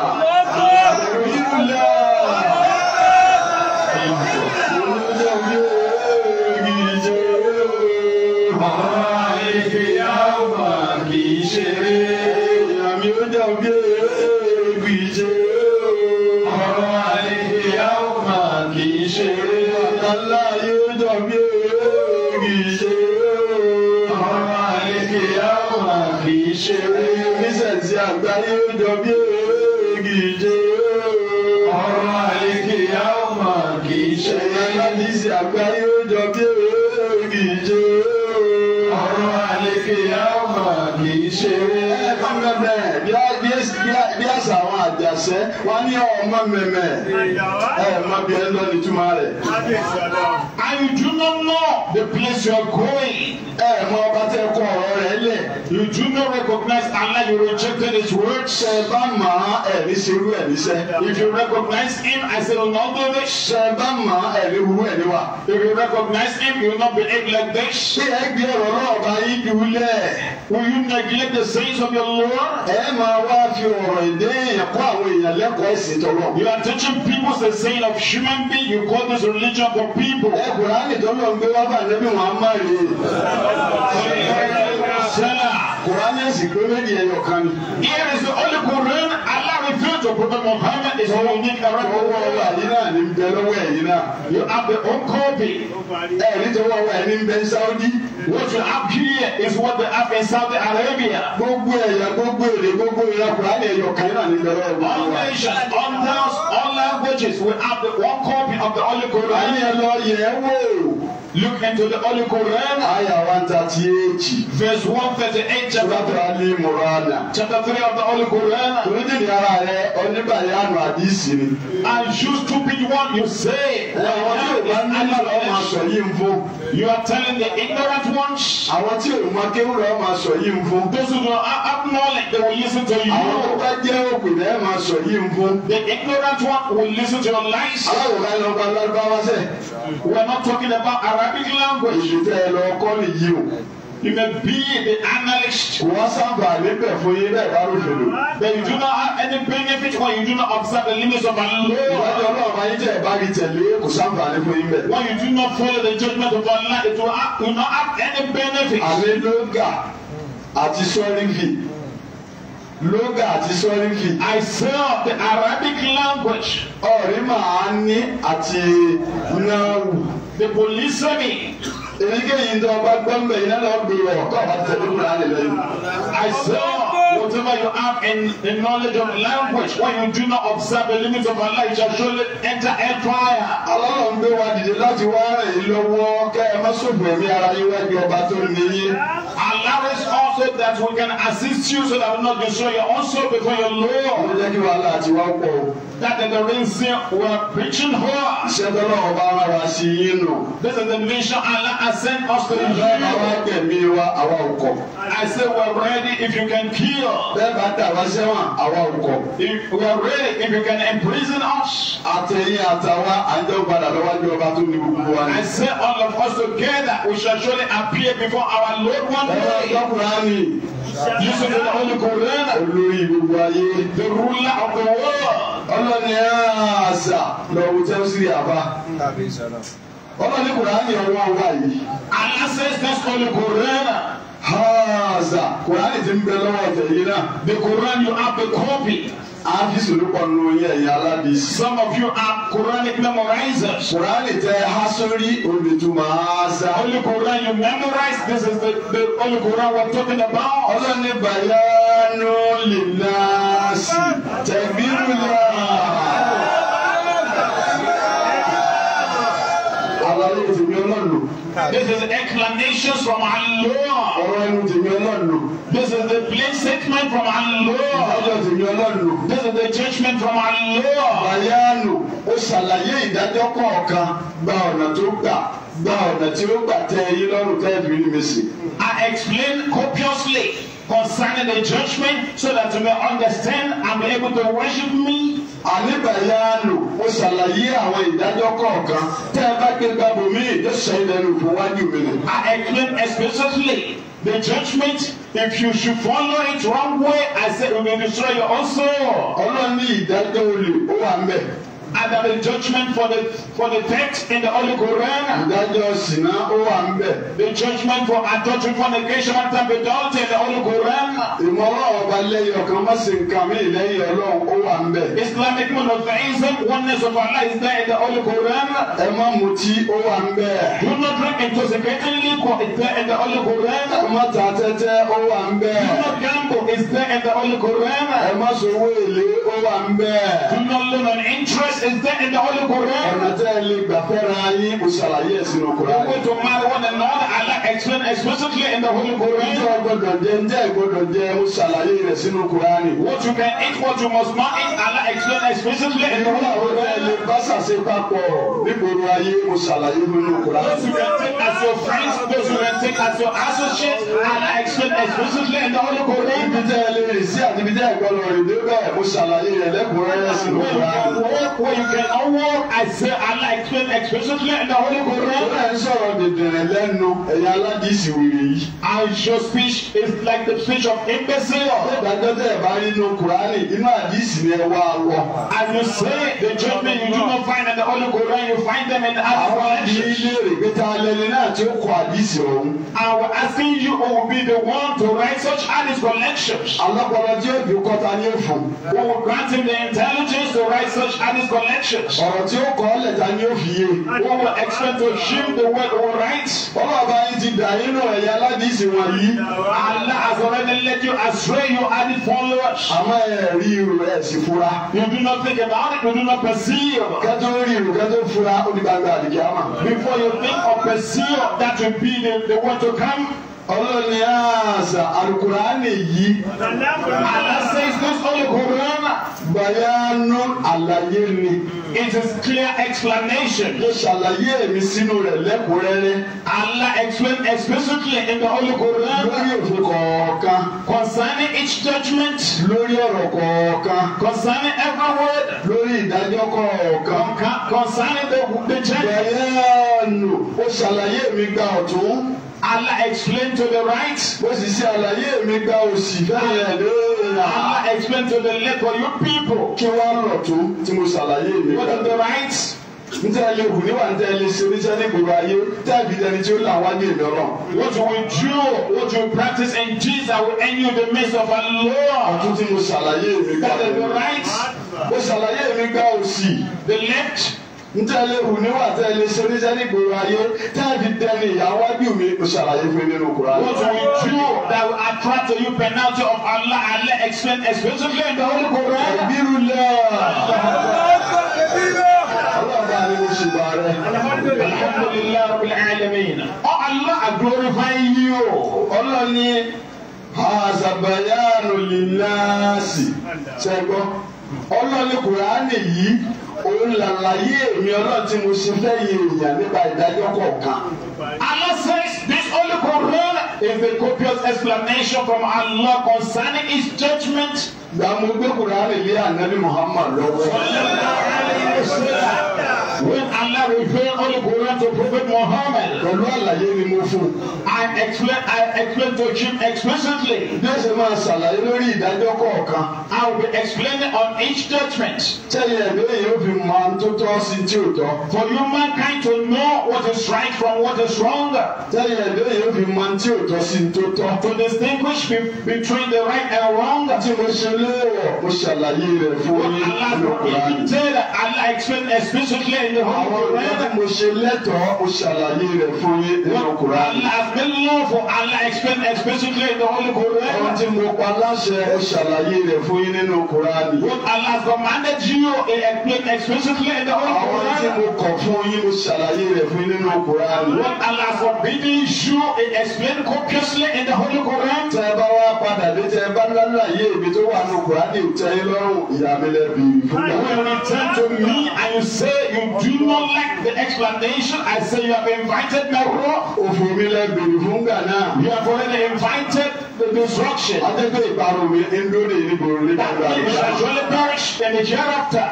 A: àṣẹ wà ní ọmọ mẹmẹ ọmọ bí ẹ lọ ní túmọ̀ rẹ. and do not know the place you are going. ẹ mọ ọba tẹ kọ ọ You do not recognize Allah, you rejected his word. Ṣẹ̀bá máa ẹ̀rí ṣerú ẹ̀rí sẹ́. If you recognize him as a non-belief. Ṣẹ̀bá máa ẹ̀rí wú ẹ̀rí wa. If you recognize him, you will not behave like this. Ṣé ẹ gbé ọ̀rọ̀ náà bá Will you neglect the sayings of your Lord? Ẹ máa wá fi ọ̀rọ̀ ìdé èèyàn àwọn èèyàn lẹ́kọ̀ọ́ ẹ̀sìn tọ̀rọ̀. You are teaching people the saying of human being. You call this religion for people. Ẹ kùránì tó lọ gbé wá bá àlẹ́ bí wọ́n á má rè é. Quran sì pé méjì ẹyọ kan ni. Here is the only Quran Allah revealed to Prophet Muhammad ohun ní kápẹ́ owó ọwọ́ yìí náà ní bẹ lọ́wọ́ ẹ̀yìn náà yóò abẹ ọkọọbì ẹ nítorí ọwọ́ ẹ̀ ní bẹ Saudi. what you have here is what they have in Saudi Arabia. gbogbo ẹ̀yà gbogbo èdè gbogbo ìlà kùránì ẹ̀yọ̀ kan náà ní bẹ lọ́wọ́ gbogbo wa. all nations all nations all languages will have the one copy of the Holy Quran. ayé ẹ lọ yẹ̀ ẹ́ wò. Look into the Holy Quran. Ayah 138. Verse 138. Chapter 3. Chapter 3 of the Holy Quran. Torí ní ìyára rẹ̀ oníbàyà àná àdìsí ni. and you stupid one you say. ọ̀rọ̀ tí o ní ìlú rẹ̀ máa yìí ń fún. you are telling the ignorant ones. àwọn tí òun máa kéwù rẹ̀ máa sọ yìí ń fún. those who are have knowledge they will listen to you. àwọn tó bá jẹ́ òkùn rẹ̀ máa sọ yìí ń fún. the ignorant one will listen to your lies. aláwọ̀ ká lọ bá lárúbáwá sẹ́. we are not talking about Arabic language. èdè tẹ́ lọ kọ́ nìyí o. You may be the analyst. Wọ́n sábà lébẹ̀ fún yín bẹ́ẹ̀ bá ló fèrè. But you do not have any benefit when you do not observe the limits of Allah. Ìwádìí ọlọ́run ayé jẹ́ ìbáraẹ̀ tẹ̀lé kò sábà lé fún yín bẹ́ẹ̀. When you do not follow the judgment of Allah, it will, have, will not have any benefit. Àmì lóga àti sọ́ríkì lóga àti sọ́ríkì. I saw the Arabic language. Ọ̀rí màá ní àti náà wù. The me èyíkéyìí tó bá gbọ́ mbẹ́ yìí bí wọ̀ tó bá tẹ̀lé kúrò á lè lẹ́yìn. I say whatever you have in the knowledge of language when you do not observe the limits of Allah you shall surely enter empire. Ọlọ́run gbé wa dìde láti wá rẹ̀ lọ́wọ́ kẹ́ ẹ má sọ̀bù ẹ̀mí ara yín wá gbé ọba tó ní yín. Allah is also that we can assist you so that we not destroy your own soul before your Lord. Ó jẹ́ kí wàhálà àti wá pọ̀ That the reason we are preaching for. Iṣẹ́ tó lọ́wọ́ ara wa ṣe yín nù. This is the vision Allah I send hospital. Ìjọba wa tẹ̀mí wa I say we are ready if you can kill. Bẹ́ẹ̀ bá We are ready if you can imprison us. I say all of us together we shall surely appear before our Lord one day. Ẹ̀rọ ìjọkùnrin ni. only ní ọ̀hún The ruler of the world. Ọlọ́ni ẹ̀ àṣà lọ́wọ́ Chelsea
B: àbá
A: ọlọ́ni kùránì ọwọ́
B: wa yìí. Allah
A: says Quran. Haaza kùránì ti ń bẹ lọ́wọ́ ọ̀tẹ̀ yìí náà. The Quran you have a copy. Hadisi ló kọ́ nínú yẹn ẹ̀yà aládìí. Some of you are Quranic memorizers. Kùránì tẹ hasori olùtumọ̀ haza. Holy Quran you memorize this is the the Holy Quran we're talking about. Ọlọ́ni bayanu lè nà sí. Tẹ̀gbírù yà. This is explanations from Allah. Ọ̀rọ̀ This is the plain statement from Allah. Ìdájọ́ This is the judgment from Allah. Bayanu, I explain copiously concerning the judgment so that you may understand and be able to worship me àníbàyánu mo ṣàlàyé àwọn ìdájọ́ kọ̀ọ̀kan tẹ́ ẹ bá gbé gbàgbọ́ mi yóò ṣe ìdẹnu ìfowájú mi ni. I explain especially the judgment if you should follow it wrong way I say you will destroy your own soul. ọlọ́ni ìdájọ́ olè ó wà mẹ́ and there is judgment for the for the text in the Holy Quran. ìdájọ́ ṣìnà ó wà ń bẹ̀. the judgment for adultery fornication and adultery in the Holy Quran. ìmọ̀ràn ọba lẹ́yìn ọ̀kan má ṣe nǹkan mi lẹ́yìn ọlọ́run ó wà ń bẹ̀. Islamic monotheism oneness of Allah is there in the Holy Quran. ẹ má mutí ó wà ń bẹ̀. do not drink intoxicating liquor is there in the Holy Quran. ẹ má ta tẹ́tẹ́ ó wà ń bẹ̀. do not gamble is there in the Holy Quran. ẹ má sọ owó èlé ó wà ń bẹ̀. do not loan on interest. is there in the Holy Quran. ọ̀nà tẹ́ ẹ lè gbà fẹ́ra yín kò ṣàlàyé ẹ̀ sínú Quran. the way to marry one another Allah explain explicitly in the Holy Quran. ǹjẹ́ o gbọ́dọ̀ jẹ ǹjẹ́ o gbọ́dọ̀ jẹ o ṣàlàyé rẹ̀ sínú Quran. what you can eat what you must not eat Allah explain explicitly in the Holy Quran. ìwé àwọn ẹ̀ lè bá ṣàṣe papọ̀ nígboro ayé kò ṣàlàyé nínú Quran. those you can take as your friends those you can take as your associates Allah explain explicitly in the Holy Quran. ibi tẹ́ ẹ lè rìn sí àti ibi tẹ́ ẹ gbọ́dọ̀ rìn débẹ̀ mo ṣàlàyé rẹ̀ lẹ́kùnrẹ́rẹ́ sínú Quran. you can onward I say Allah explain explicitly in the Holy Quran. Bọ́lá ẹ̀ sọ̀rọ̀ dẹ̀dẹ̀rẹ̀ lẹ́nu ẹ̀yà aládìsí wèrè yìí. And your speech is like the speech of imbecile. Ìdájọ́ tẹ̀ bá rí inú Kùránì inú àdìsí ni ẹ wá lọ. And you say the judgment you do not find in the Holy Quran you find them in the Hadith. Àwọn àdìsí ilé rè pé ta lẹni náà tí ó kọ àdìsí ọ̀hún. I will ask you who will be the one to write such Hadith collections. Alákọ̀ọ́lọ́ tí ó fi kọ́ta ní èfò. Who will grant him the intelligence to write such Hadith collections connections. ọ̀rọ̀ tí ó kọ́ lẹ́jà ni ó fi yé. wọ́n wọ expect to shield the world all right. ọlọ́ọ̀bá yìí ti dà nínú ẹ̀yà aládìsí wọ̀nyí. Allah has already led you astray you are the followers. àmọ́ ẹ rí irú fura. you do not think about it you do not perceive. kẹ́tọ́ rí irú kẹ́tọ́ fura ó di gbàgbé àdìgẹ́ àmà. before you think or perceive that will be the, the word to come ọlọ́ni àṣà alukurani yìí alasẹ islam alukurana bayanu àlàyé ni it is clear explanation. mo ṣàlàyé èmi sínú rẹ̀ lẹ́kùnrẹ́rẹ́. Allah explain explicitly in the Holy Quran. lórí òfin kọ̀ọ̀kan. concerning each judgment. lórí ọ̀rọ̀ kọ̀ọ̀kan. concerning every word. lórí ìdájọ́ kọ̀ọ̀kan. concerning the the judgment. bayanu o ṣàlàyé mi gba ọ̀tún. Allah explain to the right. Ó sì ṣe àlàyé mi gba òsì bẹ́ẹ̀ lóòrà. Allah explain to the left for you people. Kí wọ́n lọ tó tí mo ṣàlàyé mi gba. Go to the right. N tẹ́ ilé òkú níwà ń tẹ́ ilé ṣe oníṣẹ́ ní gbogbo ayé tẹ́ẹ̀bì ẹni tí ó là wá ní èmi ọ̀nà. What we do, what we practice And Jesus will end you the midst of our Lord. Àtúntí mo ṣàlàyé mi gba. Go to the right. Mo ṣàlàyé mi gba òsì. The left ntẹ lé wù níwà tẹ lé sọdíjà ní gbòòrò ayé tẹ́ẹ̀dì dẹ́ni ìyàwó bí omi o
B: fún nínú Kùránì. what
A: we do that will attract to you penalty of Allah Allah let explain exclusively in the Holy Quran. ẹ̀bírú lẹ̀. ọlọ́ọ̀bá ni mo ṣì bá rẹ. alhamdulilayi rabbil alamin. Allah aglorify you. ọlọ́ni azabayanu linasi. ṣẹ́gbọ́n ọlọ́ni Kùránì yìí òun làlàyé èmi ọlọ́run tí mo ṣe fẹ́ yẹ èèyàn nípa ìdájọ́ kọ̀ọ̀kan.
B: Allah says this
A: only Quran is a copious explanation from Allah concerning his judgment gbàmú gbé kuraani lé anabi muhammad lọ́wọ́. When Allah revealed all the Prophet Muhammad, pẹ̀lú àlàyé ni mo fún. I explain I explain to him explicitly. Bí ẹ ṣe máa ṣàlàyé lórí ìdájọ́ kọ̀ọ̀kan. I will be explaining on each judgment. Tẹ́lẹ̀ ẹ̀dọ́ yìí ó fi máa ń tó tọ́ sí tí ò tọ́. For humankind to know what is right from what is wrong. Tẹ́lẹ̀ ẹ̀dọ́ yìí ó fi máa ń tí ò tọ́ sí tó tọ́. To distinguish between the right and wrong. Tí mo ṣe lé mo ṣàlàyé rẹ̀ fún yín ní mo ṣe lẹ́tọ̀ọ́ mo ṣàlàyé rẹ̀ fún yín ní ọkùnrin. Allah has been lawful Allah explain explicitly in the Holy Quran. Ohun tí mo pa láṣẹ ẹ ṣàlàyé rẹ̀ fún yín nínú Quran. What commanded you he eh, explain explicitly in the Holy Quran. Àwọn tí mo kọ̀ fún yín mo ṣàlàyé rẹ̀ fún yín nínú Quran. What Allah you he eh, explain copiously in the Holy Quran. bá wá padà dé tẹ́ bá lálàyé ibi tó wà ní nu Kùránì tẹ́ lọ́rùn ìyá mi lẹ́bi. When you return to me and you say you do not like the explanation, I say you have invited error. Òfò mi lẹ́bi fún Ghana. You have already invited the destruction. Adébẹ̀ ìparun mi ń lórí ìrìbò orí gbàgbà. That you shall perish in the hereafter.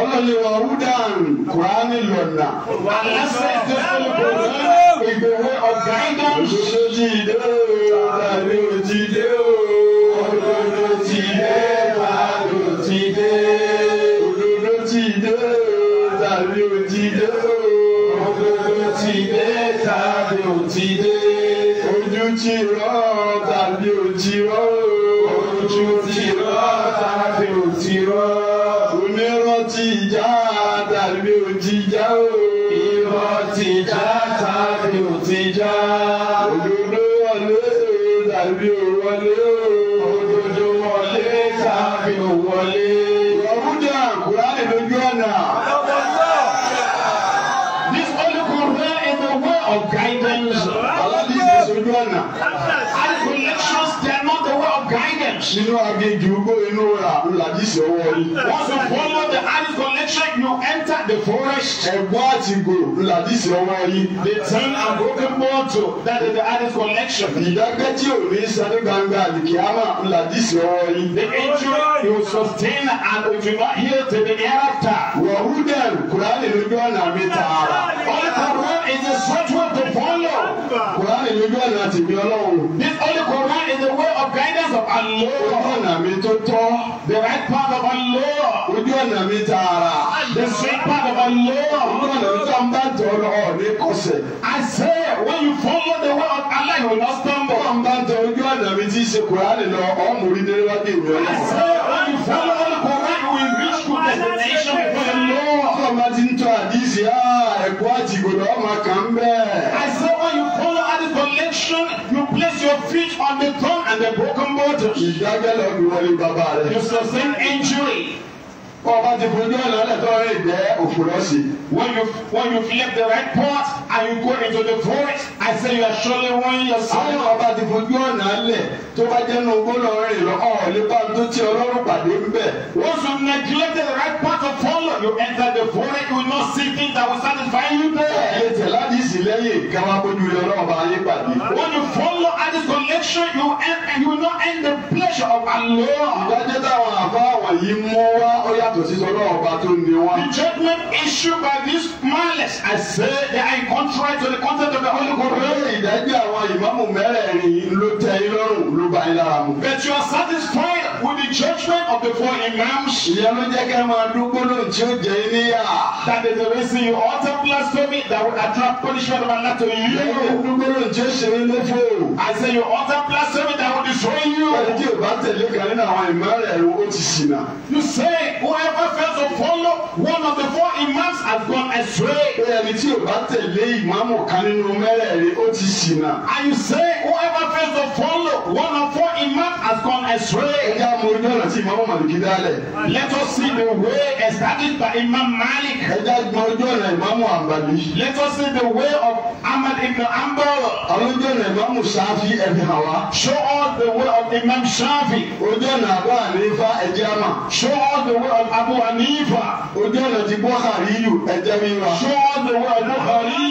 A: Ọlọ́ni wa Rúdàn Kùránì lọ́nà. Àlàsẹ̀ ìdẹ́sẹ̀ ìgbòho ìgbòho ọ̀gá ìdáhùn. Òṣèlú jí dé o, ìdáhùn jí dé o. tàbí ò ti dé ojú ti rọ tàbí ò ti rọ ojú ti rọ tàbí ò ti rọ onírọ̀ tàbí ò ti o. ojú ọ̀nà. and they are not the way of guidance. nínú aginjù gbó inú ra ọ̀làjì sí ọwọ́ yìí. once you follow the Irish collection you enter the forest. ẹ̀gbọ́n àtìgò ọ̀làjì sí ọwọ́ yìí. the turn and broken bottle that is the Irish collection. ìdákẹ́jì ò ní sáré gbangba àdìkíyàmà ọ̀làjì sí ọwọ́ yìí. the injury you sustain and if you not heal to the after. wọ̀húdẹ̀rù kúránì lójú ọ̀nà mi tààrà. all is a sort of the point ojú ọ̀nà tèmi ọlọ́run. This Holy Quran is the way of guidance of Allah. Ojú ọ̀nà mi tó tọ́. The right path of Allah. Ojú ọ̀nà mi tààrà. The straight path of Allah. Ojú ọ̀nà mi tó ń bá tọ́ lọ́wọ́ ní kọsẹ̀. I say when you follow the way of Allah you will not stumble. Wọ́n bá tọ ojú ọ̀nà mi tí í ṣe Kùránì lọ, ọ̀ mú rí déwájú ìwé ọ̀nà. I say when you follow the Quran you will reach good destination before the Lord. Ọlọ́run bá ti ń tọ́ àdísì, ah, ẹ̀kọ́ àtìgbò lọ́ọ́ máa kàn ń bẹ́ẹ̀. you place your feet on the throne and the broken waters. Ìdájọ́ lọ fi You sustain injury. ọba ti fojú ọ̀nà ọ̀lẹ́tọ̀ rẹ̀ jẹ́ òfò lọ́sì. when you when you flip the right path and you go into the void I say you are surely one yourself. àwọn ọba ti fojú ọ̀nà lẹ̀ tó bá jẹ́ nu gbọ́dọ̀ rẹ̀ lọ ọ̀ọ́lẹ́ bá tó ti ọlọ́run pàdé ńbẹ̀. once you neglect the right part of follow you enter the void you will not see things that will satisfy you there. ẹ tẹ̀ láti ìsìlẹ́yìn káwá bójú ilé ọlọ́run bá yé pàdé. when you follow at this connection you end and you will not end the pleasure of Allah. ìdájọ́ táwọn àbá wọ̀nyí mú wá ó yá yàtọ̀ sí sọ́dọ̀ ọba tó ní wọn. The judgment issued by these malice I say they are in contrary to the content of the Holy Quran. Pé ìdájọ́ àwọn ìmáàmù mẹ́rẹ̀ẹ̀rin ló tẹ́ yín lọ́rùn ló bá yín lára mu. But you are satisfied with the judgment of the four imams. Ìyẹn ló jẹ́ kẹ́ máa dúpọ́ lóhùn tí ó jẹ́ yín níyà. That is the reason you utter blasphemy that will attract punishment of Allah to you. Ìyẹn ló dúpọ́ lóhùn tí ó ṣe é léfò. I say you utter blasphemy that will destroy you. Ẹni tí ò kan nínú àwọn ìmọ̀ ó ti ṣìnà. You say why ever fails to follow one of the four imams has gone astray. ẹni tí o bá tẹ̀lé ìmáàmù kan nínú mẹ́rẹ̀ẹ̀rin ó ti ṣìnà. and you say whoever fails to follow one of four imams has gone astray. ẹ jẹ́ àmọ́ ojú ọ̀nà tí ìmáàmù Màlìkì dálẹ̀. let us see the way established by Imam Malik. ẹ jẹ́ àgbọ̀ ojú ọ̀nà ìmáàmù Àǹbàlí. let us see the way of Ahmad ibn Hanbal. àwọn ojú ọ̀nà ìmáàmù Ṣáfì ẹ̀mí àwa. show us the way of Imam Ṣáfì. ojú ọ̀nà Abu Hanifa ẹ̀jẹ̀ àmà. show us the way of Abu Hanifa ojú ọ̀nà ti Bukhari ẹ̀jẹ̀ mímọ́. Ṣọ́ọ́dù wa Bukhari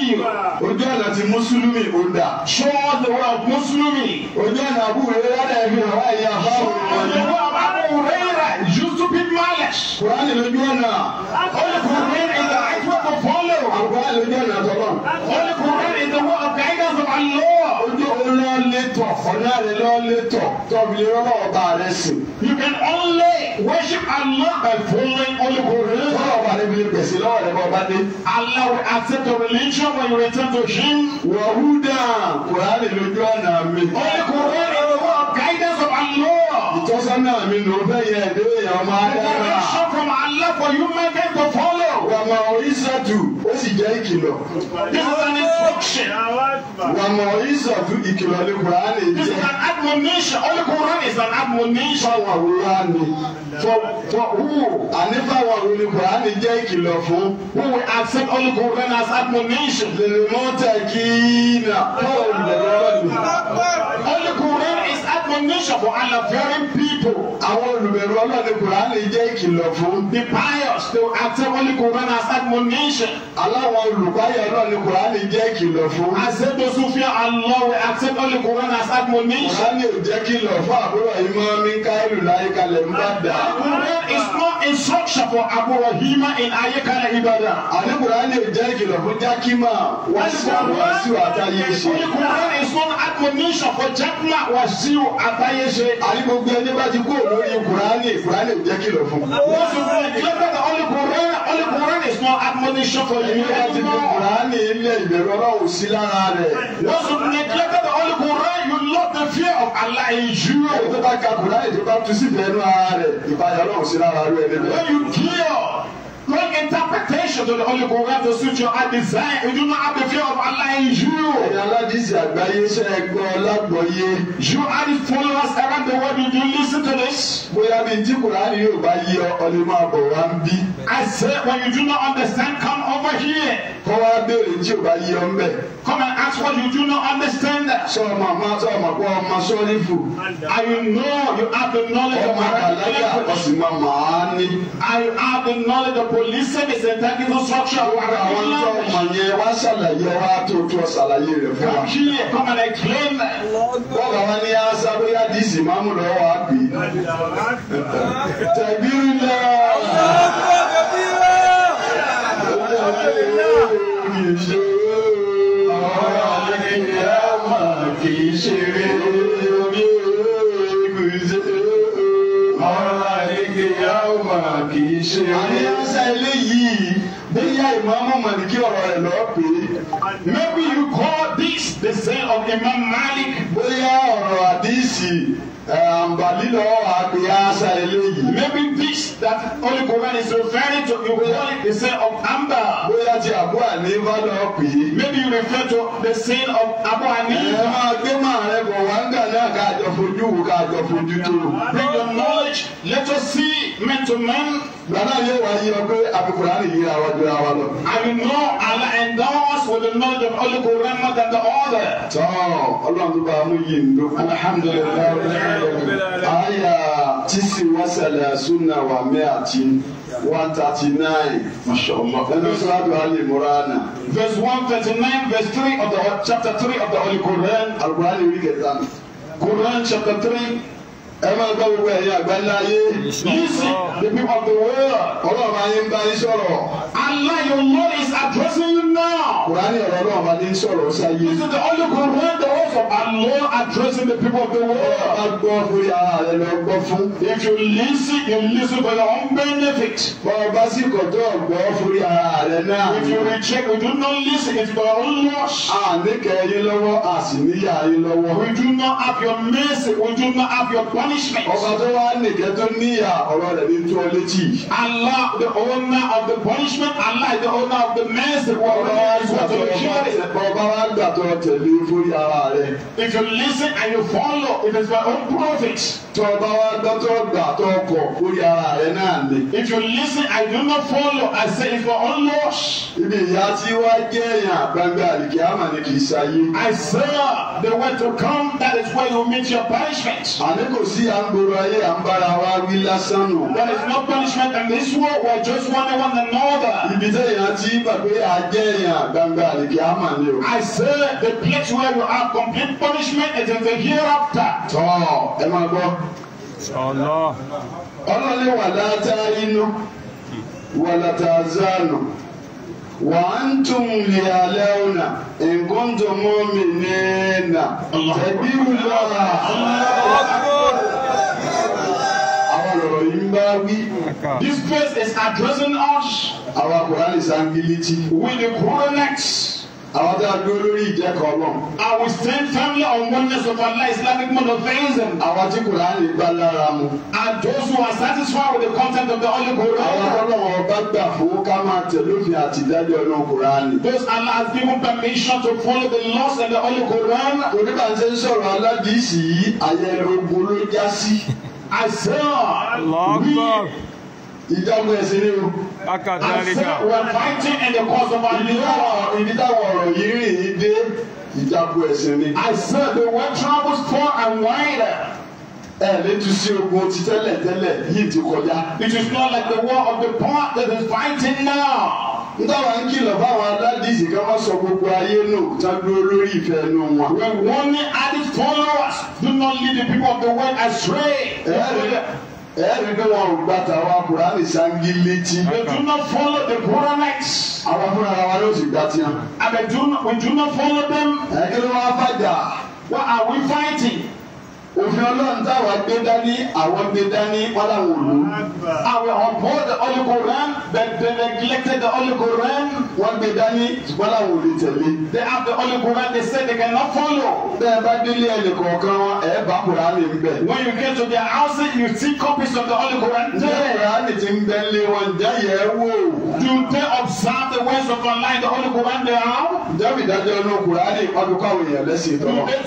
A: ojú ọ̀nà ti Mùsùlùmí ó dà. Ṣọ́ọ́dù wa Mùsùlùmí ojú ọ̀nà Abu Hurairah rẹ̀ fi hàn wáyé àbáwò. Ṣọ́ọ́dù wa Abu Hurairah Yusuf bin Malik. Kùránì lójú ọ̀nà.
B: Olùkùnrin ìgbà
A: àìfọ́ kò fọ́lẹ̀ o. Àkùránì lójú ọ̀nà tọ́lọ̀. Olùkùnrin ìdánwò ọ̀gá You can only worship Allah by following only good religion. Sọ́dọ̀ ọba rẹ̀ bíi gbèsè lọ́wọ́ rẹ̀ bọ́ bá Allah will accept your religion when you return to him. Wàhúdà Kùránì lójú ọ̀nà mi. Only Quran is the word guidance of Allah. Ìtọ́sọ́nà mi ló bẹ́yẹ̀ ẹ̀dẹ́ ìyàwó máa dára. The direction from Allah for human being wà ìsàtù ó sì jẹ́ ìkìlọ̀. This is an instruction. Wà mọ̀ ìsàtù ìkìlọ̀ ní Kùránì jẹ́. This is an admonition. Only Quran is an admonition. Fọwọ́ wúwa ni. Fọ wúwo ànífàwọ̀ wo ni Kùránì jẹ́ ìkìlọ̀ fún. Who will accept only Quran as admonition? Lèlè mọ́tà kí nà. Fọwọ́ ìdàgbọ́ lọ́dún. Only Quran is admonition admonition for unlearned people. àwọn olùbẹ̀rù ọlọ́ọ̀dẹ Kùránì jẹ́ ìkìlọ̀ fún. the pious to accept the Quran as admonition. aláwọ̀ olùkọ́yà ọlọ́ọ̀dẹ Kùránì jẹ́ ìkìlọ̀ fún. accept those who fear Allah we accept the Quran as admonition. Kùránì ò jẹ́ kìlọ̀ fún àbúrò ìmọ̀ mi káìlù láyé kalẹ̀ ń bá dà. Quran is not instruction for Abu Hima in Ayekale Ibadan. àní Kùránì ò jẹ́ ìkìlọ̀ fún Jákímà wàṣíwàṣíwà táyé ṣe. Quran is not admonition for Jákímà wàṣíwà àtàyè ṣe. àyè gbogbo ẹni bá ti kú lórí kùránì kùránì jẹ́ kìlọ̀ fún. wọ́n sọ fún mi lọ́dọ̀ náà ọ̀lẹ́ kùránì ọ̀lẹ́ admonition for you. ìyá ti fi kùránì ilé ìbẹ̀rù ọlọ́run sí lára rẹ̀. wọ́n sọ fún mi lọ́dọ̀ náà you love the fear of Allah in you. ẹni bá ka kùránì tó bá tu sí ìbẹ̀rù ara rẹ̀ ìbáyọ̀ ọlọ́run sí lára rẹ̀ níbẹ̀. when you clear great interpretation to the Holy Quran, the scripture, I desire. You do not have the fear of Allah in you. You are the followers around the world. Did you listen to this? I say when you do not understand, come over here. Come and ask what you do not understand. Sọ you know you have the knowledge of my religion. Ọmọ have the knowledge of listen is a technical structure. àwọn tó mọ̀ yẹn wá ṣàlàyé wá tó
B: tó wa. kí
A: ẹ kọ́ mọ̀lẹ́ claim. bọ́ọ̀lù àwọn ní asa bóyá dc mamu lọ́wọ́ á pè é. tẹ̀bí lọ. ọ̀rọ̀ mi yá mà kì í ṣeré. ọ̀rọ̀ mi yá Imam Maliki ọ̀rọ̀ rẹ̀ lọ Maybe you call this the saying of Imam Malik. Bóyá ọ̀rọ̀ àdìsí àǹbàlí lọ́wọ́ àgbè Maybe this that only Quran is referring to you call it the saying of Ambal. Hanifa náà pè é. Maybe you refer to the sin of Abu Hanifa. Ẹ máa gbé màá rẹ bọ̀ wá gbà náà ká jọ fojú wò ká jọ fojú tó. Bring your knowledge, let us see men to men. Gbàdá yóò wá yí ọ pé àbíkùrá nìyí ra wa jura lọ. I will know Allah endow with the knowledge of Holy Quran more than the other. Tọ́ Ọlọ́run tó bá mú yìí ń dókú. Alhamdulilayi. Ayà tisi wasala sunna wa mi'atin one thirty nine. ẹnu sọ́dọ̀ alimurana. verse one thirty nine verse three of the chapter three of the Holy Quran. alukura le wi kẹta. Quran chapter three ẹ máa gbọ́ gbogbo ẹ̀yin àgbáńlá ayé the people of the world ọlọ́run ayé ń bá yín sọ̀rọ̀. Allah your Lord is addressing you now. Kùránì ọ̀rọ̀ náà máa ní sọ̀rọ̀ sáyé. This is the only Quran word from Allah addressing the people of the world. Ọba gbọ́ fún yàrá rẹ lọ gbọ́ fún. If you listen you listen for your own benefit. Bọ́lá sí kọ̀tọ́ gbọ́ fún yàrá rẹ náà. If you reject we do not listen it's for your own loss. Àníkẹ́ yín lọ́wọ́ àsìníyà yín lọ́wọ́. We do not have your mercy we do not have your punishment. ọba tó wá nìkẹ́ tó níyà ọ̀rọ̀ rẹ̀ ní tí létí. Allah the owner of the punishment Allah the owner of the mercy. ọba wa gbà tó ọba wa gbà tó
B: fún ara rẹ̀.
A: if you listen and you follow it is my own profit. tó wa gbà tó gbà fún ara rẹ̀ náà ni. if you listen and you do not follow I say it's my own loss. ibi ìyá tí wá jẹ́ èèyàn gbangba àlìkí àmà ni kì í ṣayé. I saw the way to come that is where you meet your punishment. àní tí a ayé à ń bára wa wí lásán nù. There is no punishment in this world we are just warning one another. Ibi tẹ́ èèyàn ti gbàgbé ajẹ́ èèyàn gbangba àlèkè àmà ni o. I say the place where you have complete punishment is in the hereafter. Tọ́ ẹ máa gbọ́. Ọlọ́. látà inú, wà látà zánù. وأنتم ليعلون إن كنتم مؤمنين تبيوا الله أكبر This place is addressing us. Our Quran is ability. we the Quran next àwọn tí a dúró lórí ìjẹ́kọ̀ ọlọ́run. I will stand firmly on oneness of Allah Islamic monotheism. àwọn tí Kùránì gbá lára mu. and those who are satisfied with the content of the Holy Quran. àwọn ọlọ́run ọba gbà fún ká máa tẹ̀lé òfin àti ìdájọ́ ọ̀nà Kùránì. those Allah has given permission to follow the laws of the Holy Quran. onígbà tí ń sọ̀rọ̀ aládìsí ayẹyẹ ogun ló já sí. I saw. lọ́gbọ̀n ìjagun ẹ̀sìn ni o. akadalika. and so we are fighting in the cause of our Lord. ìdíjàwọ̀ ọ̀rọ̀ yìí rìn yìí dé ìjagun ẹ̀sìn ni. I said the word travels far and wide. ẹ létí sí ogun ti tẹ́lẹ̀ tẹ́lẹ̀ yìí ti kọjá. It is not like the war of the part that is fighting now ntàwa ń kìlọ̀ fáwọn aládìsí ká má sọ gbogbo ayé nù tá dúró lórí ìfẹ́ ẹnu wọn. we warn added followers do not lead the people of the world astray. Yeah ẹ̀rí pé wọn ò gba tàwa kùránì sangi létí. we do not follow the Quranites. àwọn fúnra ara wa yóò sì gbà tiẹ̀. and we do not, we do not follow them. ẹ̀kí ló fàjà. what are we fighting? òfin ọlọ́run táwọn gbé dání àwọn gbé dání wọn làwọn ò àwọn uphold the Holy Quran but they neglected the Holy Quran wọn gbé dání wọn làwọn ò tẹ̀lé. they have the Holy Quran they say they cannot follow. bẹ́ẹ̀ bá délé ẹnì kọ̀ọ̀kan wọn ẹ̀ bá Quran ń bẹ̀. when you get to their house you see copies of the Holy Quran. ǹjẹ́ Quran ti ń bẹ́ lé wọn ǹjẹ́ yẹ do they observe the ways of online the Holy Quran they are. they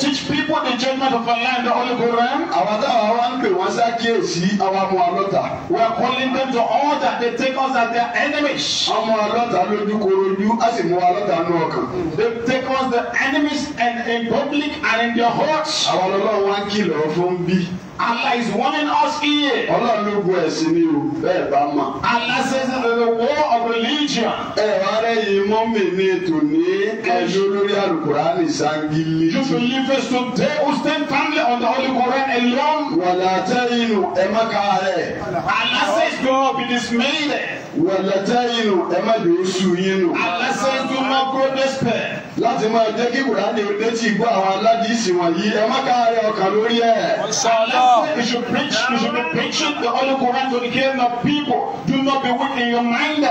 A: teach people the judgment of online the Holy Quran. Àwọn táwa wá ń pè wọ́n ṣàkíyèsí àwọn ọmọ ọlọ́ta. We are calling them to order. they take us as their enemies. Ọmọ ọlọ́ta lójú korojú, a sì mú ọlọ́ta nú ọkàn. They take us the enemies and in public and in their hearts. Àwọn ọlọ́run wá ń kìlọ̀ fún bí. Allah is warning us here. Ọlọ́run ló bu ẹ̀sìn ni o, bẹ́ẹ̀ bá mọ̀. Allah says in the war of religion. Ẹ wá rẹ̀ yìí mọ́ mi ní ètò ní ẹjọ́ lórí Alukurani Sangili. You believers today who stand firmly on the Holy Quran alone. Wàlá tẹ́yìnù ẹ má ka rẹ̀. Allah says do not be dismayed. Wàlá tẹ́yìnù ẹ má dé oṣù yín nù. Allah says do not grow despair. Láti máa jẹ́ kí Kùránì ó dé gbọ́ àwọn aládìísí wọ̀nyí ẹ má ka rẹ̀ ọkàn lórí ẹ̀. Wọ́n You should preach, You should be preaching the Holy Quran to the hearing of people. Do not be weak in your mind.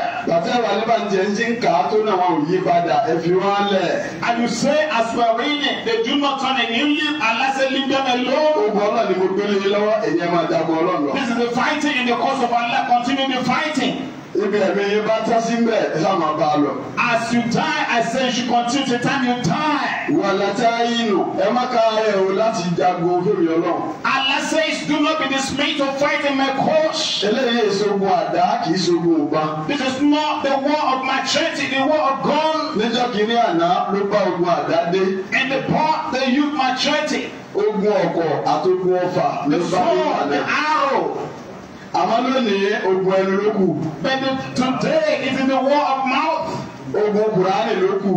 A: And you say as we are reading, they do not turn a new leaf unless they leave them alone. Ogun This is the fighting in the course of Allah. Continue the fighting ibi bá tẹ́ sí mbẹ́ ẹ máa bá a lọ. as you die I say you continue to time you die. wàlàtà inú ẹ má ka ẹ o láti jagun fèmí ọlọ́run. Allah says do not be dismayed to fight in my cause. eléyìí ìṣògùn àdá kì í ṣògùn òbá. this is not the war of my treaty; the war of God. níjọ́ kìíní àná ló bá ogun àdá dé. and the part the youth maturity. ogun ọ̀kọ̀ àtogun ọfà ló bá ogun àdá. the sword the arrow àmọ́ lónìí ogun ẹnu ló kù. but today it is the war of mouth. ogun Kùránì ló kù.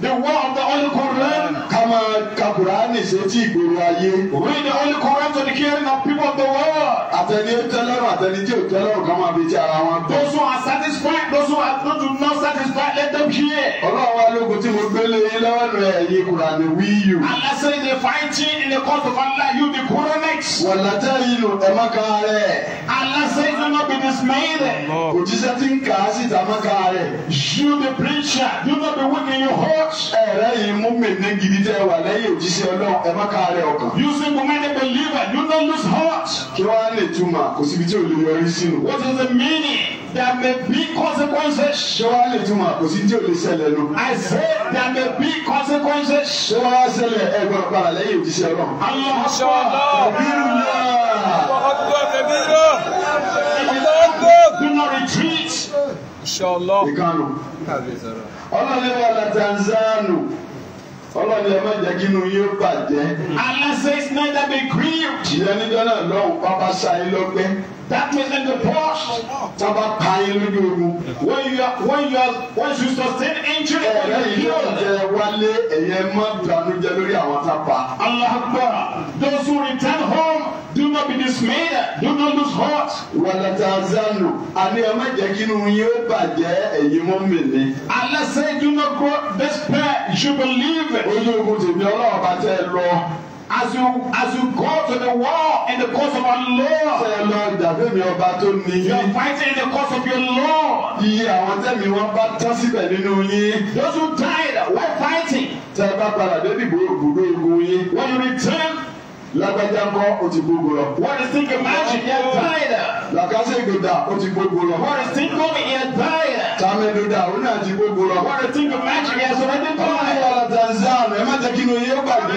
A: The word of the Holy Quran. kama máa ka Kùránì sétí ìgboro ayé. Read the Holy Quran to the hearing of people of the world. Àtẹni ó tẹ́lọ́rùn àtẹni tí ò tẹ́lọ́rùn ká máa fi ti ara wọn. Those who are satisfied, those who are not, not satisfied, let them hear. Ọlọ́run wa lógun tí mo gbélé yín lọ́wọ́ rẹ̀ ẹ̀yin Kùránì wí yù. Allah say the fighting in the cause of Allah you be Quranites. Wàlá tẹ́ ìlú ẹ̀ má ka rẹ̀. Allah say do not be dismayed. Òjíṣẹ́ ti ń kà á sí ìtàmọ́ka rẹ̀. You the preacher, do not be weak in your heart ẹ̀rẹ́ yìí mú mèmí gidi tẹ́ wà lẹ́yìn òjíṣẹ́ ọlọ́run ẹ má ọkàn. you say for many believer, you no lose heart. kí wọ́n á lè túmọ̀ kò síbi tí ò lè yọrí sínú. what is the meaning? there may be consequences. ṣé wàá lè túmọ̀ kò sí tí ò lè ṣẹlẹ̀ lọ. I say there may be consequences. ṣé wàá ṣẹlẹ̀ ẹgbẹ́ ọ̀pára lẹ́yìn òjíṣẹ́ ọlọ́run. Allah Allah. Do not retreat.
B: Inshallah. ìkànnù ọlọ́ni
A: wà látàzánù ọlọ́ni ẹ má jẹ́ kí inú bàjẹ́. Allah says neither be grieved. ìyẹn níjọ́ náà lọ́hùn pápá sáyé lọ́gbẹ́. That means in the past, taba kàyé lójú ogun. When you are when you are when you sustain injury, ẹ ẹ yóò jẹ wálé ẹyẹ má dànù jẹ lórí àwọn tápá. Allah Akbar, those who return home do not be dismayed, do not lose heart. Wàlàtà Zanu, àní ẹ má jẹ́ kí inú yín ó bàjẹ́ ẹ̀yin mọ́ mi ni. Allah say do not grow despair, you should believe. Olú ogun tèmi ọlọ́run bá tẹ́ ẹ lọ as you as you go to the war in the cause of our Lord. ṣe lọ dàbí mi ọba tó ní. you are fighting in the cause of your Lord. iye àwọn tẹ̀mí wọn bá tán síbẹ̀ nínú yín. those who died while fighting. tẹ ẹ bá padà débi gbogbo ogun yín. when you return. lágbájá o ti gbogbo lọ. what is thinking magic yẹn died. làkàṣe ìgbèdà o ti gbogbo lọ. what is thinking yẹn died tàmídùdà òun náà ti gbogbo lọ. wọ́n ti gbogbo ẹ̀jẹ̀ yẹn sọ wọ́n ti kọ́ ẹ̀. ọ̀rọ̀ yàrá tanzan má jẹ́ kí ni oyè gbàgbé.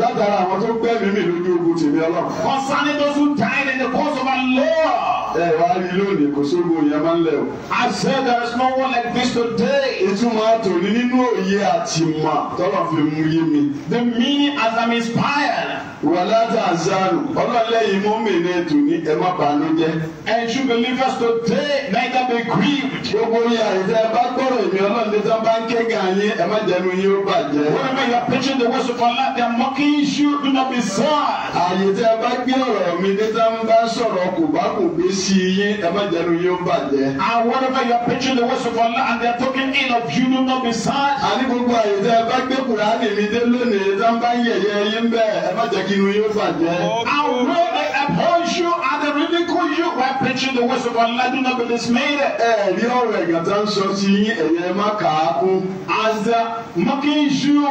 A: látara àwọn tó gbẹ́mìí mi lójú ogun tèmi ọlọ́run. concerning those who died in the cause of our Lord ẹ wá lónìí kò sógo yẹn máa ń lẹ o. I said there is no one like this today. ìtumọ̀ àtòrí nínú òye àti ìmọ̀ tọ́lọ̀ fi mú yé mi. The meaning as I'm inspired. wàlá tá a sáré ọlọ́lẹ́yìn mọ́mìnì ètò ní ẹ má bànújẹ́. And you believe us today neither be grieved. gbogbo yà ìtẹ́ bá gbọ́dọ̀ èmi ọlọ́ọ̀dẹ́ tó bá ń ké gan yín ẹ má jẹnu yín ó bàjẹ́. Whenever you are the words of Allah they are mocking you do not be sad. àyè tẹ́ bá gbé ọ̀rọ̀ mi ní tá ń bá sọ̀rọ̀ kò bá kò gbé sí ti yín ẹ jẹnu yín bàjẹ́. and whatever you are preaching the words of Allah and they are talking in of you do not be sad. àní gbogbo àyètẹ́ ẹ bá gbé kùránì mi dé lónìí tá bá ń yẹ̀yẹ́ yín bẹ́ẹ̀ ẹ má jẹ́ kí inú yín bàjẹ́. and where oppose you and they ridicule you while preaching the words of Allah, do not be dismayed. Ẹ̀rí eh, ọ̀rọ̀ ẹ̀gàn tó ń sọ sí yín ẹ̀yẹ ẹ má kà As they are mocking you,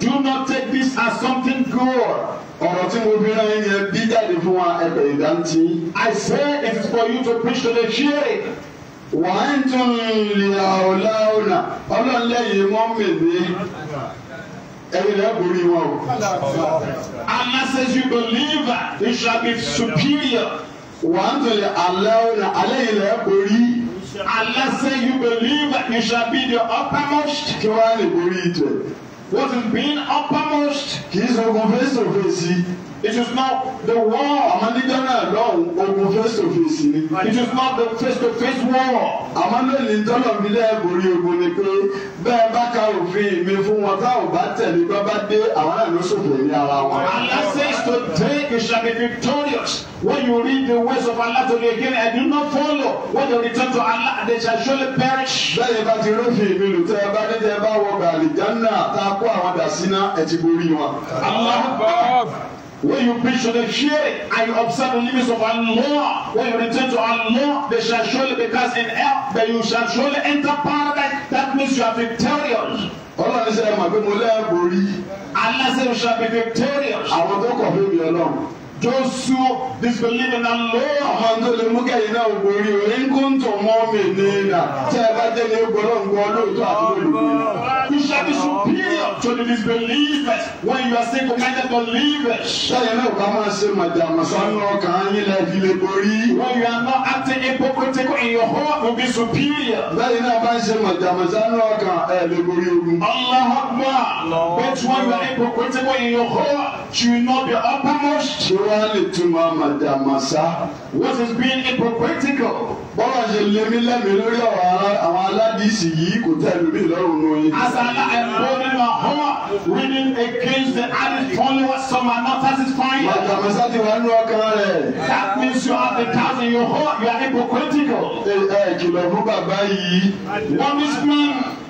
A: do not take this as something good. Ọ̀rọ̀ tí mo bíra yín yẹn bí jáde fún wa ẹ̀bẹ̀ ìdántí. I say it is for you to preach to the sheep. Wàá ń tún lè àwòlá ọ̀nà ọlọ́ọ̀lẹ́yìn mọ́mìnì ẹ̀yin lẹ́ borí wọn o. Allah says you believer you shall be superior. wọ́n tẹ̀lé alẹ́ ọ̀nà alẹ́ yìí lẹ́ borí. Allah says you believer you shall be the uppermost. kí wọ́n á lè borí ìtẹ̀. what is being uppermost. kì í sọ kò fèsì. It is not the war àmọ́ nígbà náà lọ́hùn ogun face to face ni. It is not the face to face war. Àmọ́ lónìí tọ́lọ̀ mi lẹ́ borí ogun ni pé bẹ́ẹ̀ bá ka òfin mi fún wọn tá ò bá tẹ̀lé bá bá dé àwọn náà ló ní ara wọn. Allah says to take a shabby victorious when you read the ways of Allah to be again and do not follow when you return to Allah they shall surely perish. Bẹ́ẹ̀ bá ti rúfin mi lù tẹ́ ẹ bá dé tẹ́ ẹ bá wọ gàlí jánà tá a kó àwọn dà sínú ẹ ti borí wọn. Allah. When you preach to the fear and you observe the limits of Allah, when you return to Allah, they shall surely be cast in hell, but you shall surely enter paradise. That means you are victorious. Ọlọ́run ní sẹ́yìn màgbé mo lẹ́ẹ̀kọ́ rí. Allah said shall be victorious. Àwọn tó kọ̀ fún mi Ọlọ́run tó sú disbelief in Allah. àwọn tó lè mú kẹ́yìn náà wò rí o ní kó ń tọ̀ mọ́ mi ní ìlà tí ẹ bá jẹ́ ní gbọ́dọ̀ ń gbọ́ lóòótọ́ àti olùkọ́. You shall be superior to the disbelievers when you are still commanded to leave. sẹ́yìn náà ká máa ṣe màjàmásá náà kàn án yín lẹ́yìn lè borí. When you are not acting hypocritical in your heart will be superior. lẹ́yìn náà bá ń ṣe màjàmásá náà kàn ẹ̀ lè borí ogun. Allah Akbar. But when you are hypocritical in your heart you will not be uppermost wá lè túmọ̀ màdàmásá. what is being hypocritical. bọ́lá ṣe lé mi lẹ́mìí lórí àwọn aládìsí yìí kò tẹ́ lómi lọ́rùn lóyún. as an employment man homer reading against the added followers some are not satisfied. màdàmásá ti wà nínú ọkàn rẹ̀. that means you have a doubt in your heart you are hypocritical. ẹ ẹ kìlọ̀ fún bàbá yìí. promise me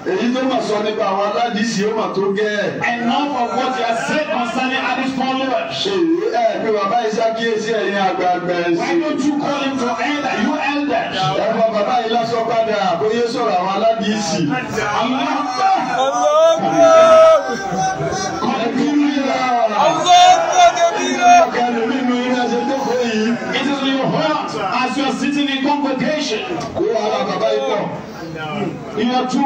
A: èyí tó mà sọ nípa àwọn aládìsí ó mà tó gẹ́ ẹ̀. and what you are saying concerning Addis followers. ṣèyí ẹ pé bàbá isa kíyèsí ẹ̀yin àgbààgbà ẹ̀sìn. why don't you call him for elder you elder. ẹ fọ bàbá yìí lásán padà bóyá sọ̀rọ̀ àwọn aládìsí. kọ̀mpútà. ọlọ́pàá kẹ́míkà. ọ̀gá lórí mi ìrìn àjò tó kọ yìí. it is your heart as you are sitting in congregation. kó ara bàbá yìí pọ̀ ìyẹn tún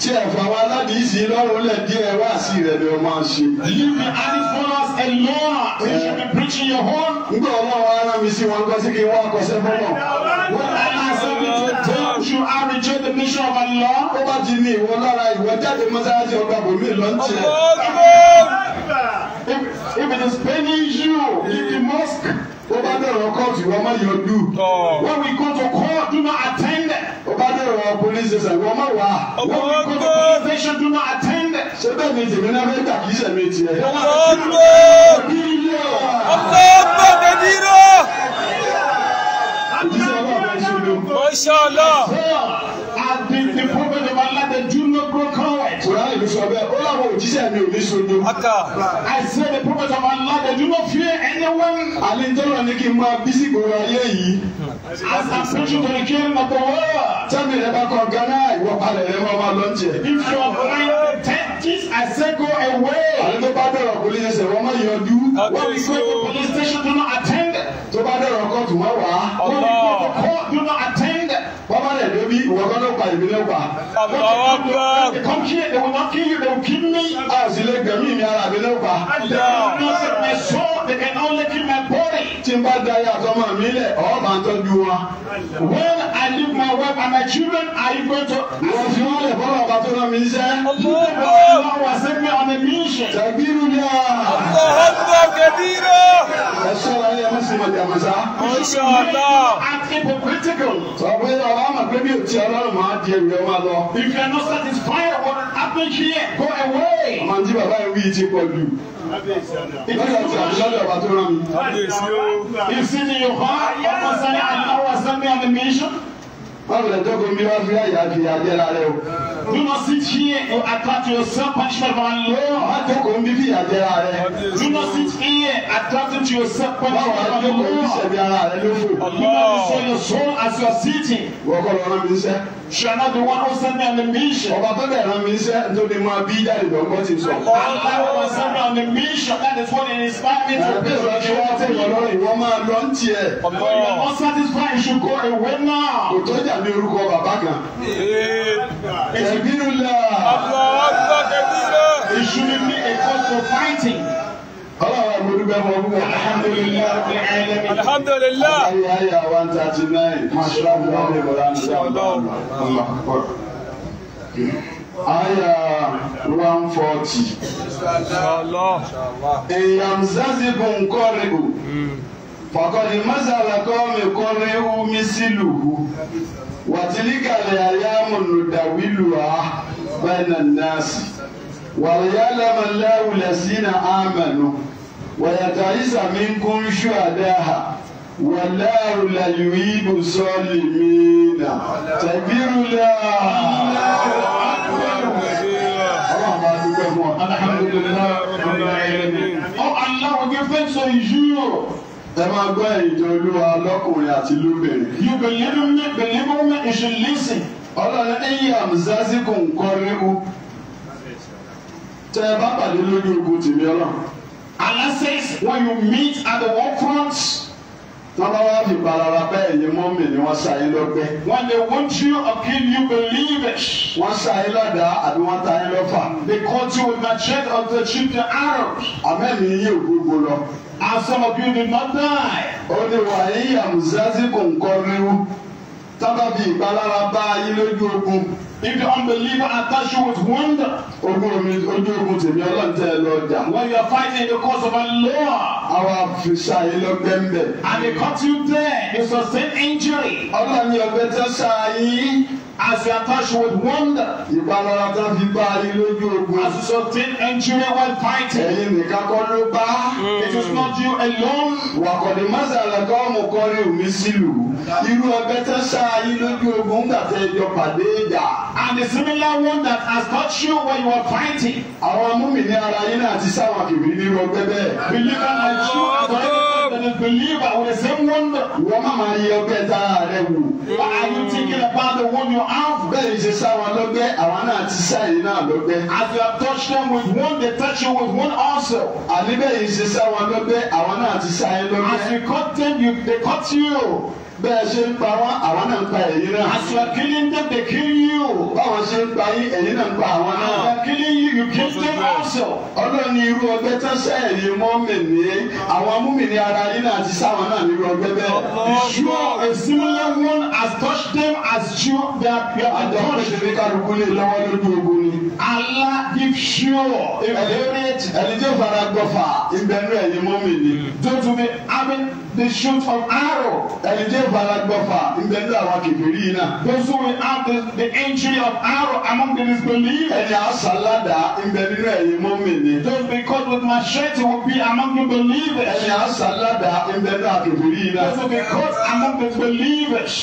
A: tí ẹ fà wá láti ìsì lọ́rùn lẹ̀ díẹ̀ wá sí rẹ̀ ni o máa ṣe. leave the added followers law. you should be preaching your home. ngbọ́ ọlọ́run ara mi sí wọn kọ́ sí kí n wá kọsẹ́ fọ́nà. when Allah said it to them you are reject the mission of Allah. ó bá ti ní ìwọ lára ìwọ jáde mọ́sálásí ọgbà bòmí lọ́ntì rẹ̀. if it is paining you in the mosque. ó bá bẹ̀rẹ̀ kóòtù ìwọ máa yọ dùn. Oh. when we go to court do not attend wọ police station wọ́n má wà. Ògbógbó station do not attend. Ṣé bẹ́ẹ̀ ni tèmi náà fẹ́ tà kì í sẹ̀mí tiẹ̀? Ògbógbó Ògbógbó bèbí rọ. Oṣù ọlọ. The prophet of Allah, the Jew no grow coward. Kùránì ló sọ bẹ́ẹ̀, ó láwọn òjíṣẹ́ mi ò ní sojú. I say the prophet of Allah, the Jew no fear anyone. Àlejò náà ní kí n máa bí sí gbòòrò ayé yìí. As I preach to the king of the world tẹ́mi rẹ bá kọ gánà ìwọ palẹ̀ rẹ máa ma lọ if your mind changes I say go away. àlẹ́ tó bá dọ̀rọ̀ kò lè ṣe wọ́n máa yọjú. wọ́n mi gbé to police station do not attend. tó bá dọ̀rọ̀ kóòtù wọ́n wà. wọ́n mi gbé to court do not attend. bàbá rẹ̀ débi ìwọ kan ló pa ìbílẹ̀ wà. ọ̀pọ̀ bá. they come here they will not kill you they will kill me. I don't know tí n bá da yà sọmọ mi lẹ̀ ọ̀ bá tọ́jú wa. when I leave my wife and my children are you going to. wọ́n fi wọ́n lè fọ́lọ́ ọ̀gá tó náà mi ṣẹ́. ọlọ́wọ́ wa ṣe mi ọ̀nà mi ṣe. tẹ̀gbìrù ni a. ọ̀sán kẹ̀bírò. ẹ ṣọ́ra ilé ẹ̀mí sì mọ̀ jàmọ̀sá. ọ̀sán ọ̀tọ̀. at hypocritical. sọ̀rọ̀ yà wà á mọ̀ pé bí o ti ọlọ́run máa di èrè if you are not satisfied with what happened here go away. ọmọ Ibi àti àbísọ́lẹ̀ ọba tó mi. Ìsinmi Yorùbá ọkọ sani àdáwọ̀ sami àmì mission. lè dọ́gbọ̀n mi wá fi àyà àti àyà jẹ́ra rẹ o? Do not sit here and attract yourself punishment from Allah. Báwo á dọ́gbọ̀n mi fi àyà jẹ́ra rẹ? Do not sit here attracting to yourself punishment from Allah. Báwo á dọ́gbọ̀n mi sẹ̀bi ara rẹ lófo? Do not destroy your soul as you are sitting. Wọ́n kọ́ lọ́ọ́ mi níṣẹ́ shall not the one who sent me on the mission. ọba tó dẹ̀ rán mi iṣẹ́ tó ní máa bí jáde lọ gbọ́ ti sọ. ọba tó sent me on the mission that is what it me to do. ẹgbẹ́ ìwọ wá tẹ̀ yọ lọ́rọ̀ ìwọ máa lọ ń tiẹ̀. ọ̀pọ̀ you should go away now. kò tó jà ní orúkọ bàbá kan. ẹ̀ẹ́dínlá. ọ̀pọ̀ ọ̀pọ̀ kẹ̀kẹ́ ìṣúni ní a cause for fighting alhamdulillah ayaya one thirty nine mashallah
B: aya one forty
A: eyamzazibun kọribu fakọdi masalakọmi kọribu misiluhu watilikale ayamu nudawiluwa bẹnanasi. وليعلم الله الذين آمنوا ويتعيس منكم شهداء والله لا يحب الظالمين
B: تكبير الله
A: Alhamdulillah Rabbil Alamin. Allah will give thanks on you. Ẹ máa gbọ́ ìjọ olúwa lọ́kùnrin àti lóbìnrin. You believe me, believe me, you should listen. Ọlọ́run ẹ̀yìn àmì sásìkò nǹkan rẹ̀ tẹ ẹ bá pàdé lórí ogun tèmi ọlọ́run. Allah says when you meet at the war front. Tọ́lá wá fi balaba bẹ́ẹ̀ ni mọ́mì ni wọ́n ṣayé lọ́gbẹ́. When they want you or kill you believe it. Wọ́n ṣayé lọ́dàá àbí wọ́n ta yín lọ́fà. They call you with machete of the Egyptian Arabs. Àmẹ́mi yìí ò gbogbo lọ. And some of you did not die. Ó ní wàyí àmùsásí kò ń kọ́ ríru. Tábàbí ìpalára bá ayé lójú ogun. If the unbeliever attacks you with wonder. Ogun mi tèmi ọlọ́run tẹ́ ẹ lọ When you are fighting in the cause of Allah. Àwa fìṣà yìí lọ gbẹ́ńbẹ̀. And they cut you there. They sustain injury. Ọlọ́run ni ọ̀gbẹ́ tẹ́ sáà As you are touched with wonder. Ìpalára tán fi bá a rí lójú ogun. As you sustain injury while fighting. Ẹ̀yin nìkan kọ́ ló bá. Mm. It is not you alone. Wàkọ̀dé Mọ́sálà kọ́ ọmọ kọrin omi sílùú. Irú ọgbẹ́ tán ṣááyí lójú ogun ńgbà tẹ ẹjọ́ pàdé ìjà. And a similar one that has touched you when you were fighting. Àwọn múmi ní ara yín náà ti sáwọn kìbìrì nínú ọgbẹ́ bẹ́ẹ̀. Believe and true choose that is believer with the same wonder. Wọ́n máa ma yẹ ọgbẹ́ tára rẹ̀ wò. What are you thinking about the one you have? Bẹ́ẹ̀ni ṣe sá wọn lọ́gbẹ́, àwọn náà ti sá yìí náà lọ́gbẹ́. As you have touched them with one, they touch you with one also. Àní bẹ́ẹ̀ni ṣe sá wọn lọ́gbẹ́, àwọn náà ti sá yìí lọ́gbẹ́. As you cut them, you, they cut you bẹ́ẹ̀ ṣe ń pa wọn àwọn náà ń pa ẹ̀yin náà. as you are killing them they kill you. báwọn ṣe ń pa yín ẹ̀yin náà ń pa àwọn náà. they are killing you you kill them also. ọlọ́ni irú ọgbẹ́ tán sẹ́yìn mọ́ mìíní àwọn múmìíní ara yín náà ti sáwọn náà nírú ọgbẹ́ bẹ́ẹ̀. be sure a similar one has touched them as sure that you are the one. àdéhùn ìṣèlékàlùkù lè lọ́wọ́ lójú ogun ni. Allah give sure. ẹ̀ẹ́dẹ́gbẹ̀rẹ̀ ẹ̀ẹ́dẹ́gbẹ̀rẹ̀ gbọ̀fà ìbẹ̀rù ẹ̀yin mọ́mìíní. Mm. don't you mean I mean. They shoot from arrow. ẹni tí ìbára gbọ́fà ìgbẹ́ ní àwọn kèfèrí yìí náà. those who have the, the injury of arrow among the disbelievers. ẹni àṣàládà ìgbẹ́ nínú ẹ̀yìn mọ́mìnì. those because caught with machete will be among the believers. ẹni àṣàládà ìgbẹ́ ní àwọn kèfèrí yìí náà. those because among the believers.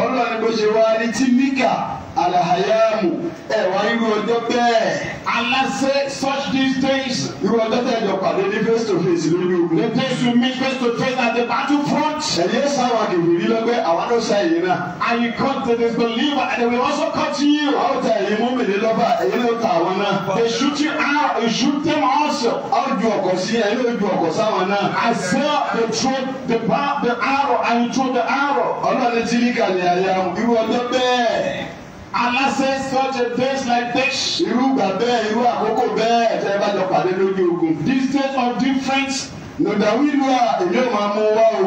A: ọlọ́run bó ṣe wá ní tí mika alahayamu ẹ wá irú ọjọ́ bẹ́ẹ̀. Allah say such these days. irú ọjọ́ tẹ̀ jọ pàdé ní face to face lórí ogun. the days you meet face to face at the battle front. ẹ̀yẹ sáwọn àgbègbè rí lọ́gbẹ́ àwọn ló sa èyí náà. and you cut the disbeliever and they will also cut you. a ó ta ẹ̀yin mú mi ní lọ́ba ẹ̀yin ló ta àwọn náà. they shoot you out They shoot them also. a ó ju ọkọ̀ sí ẹ̀yin ló ju ọkọ̀ sáwọn náà. I saw the throw the bar the arrow and you throw the arrow. ọlọ́run ti ní kàlẹ́ àyà irú ọjọ́ bẹ́ẹ̀. Allah says such a days like this. Irú ìgbà bẹ́ẹ̀, irú àkókò bẹ́ẹ̀ tẹ́ bá jọ pàdé lójú ogun. This days of difference. Nùdàwílù à èmi ò máa mú wá o.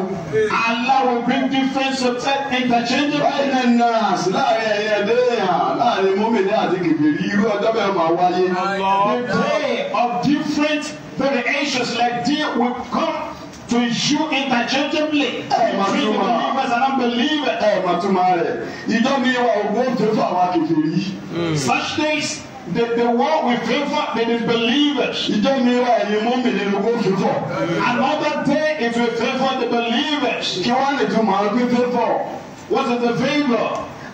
A: Allah will bring difference to take interchange. Báyìí náà nà láàrin ẹ̀yẹ ẹ̀dẹ́yàn láàrin mómìnì àti kèfèrí irú ọjọ́ bẹ́ẹ̀ máa wáyé. The day of different variations like day will come to you interchangeably between believers and unbelievers. ẹ mà tún máa rẹ̀ ìjọ mi wà ògùn tó fún àwọn akèfèrí. such days the the world will favour the disbelievers. ìjọ mi wà ẹ̀yin mú mi nínú ògùn tó fún. another day it will favour the believers. kí wọ́n lè tún máa gbé favour. what is the favour?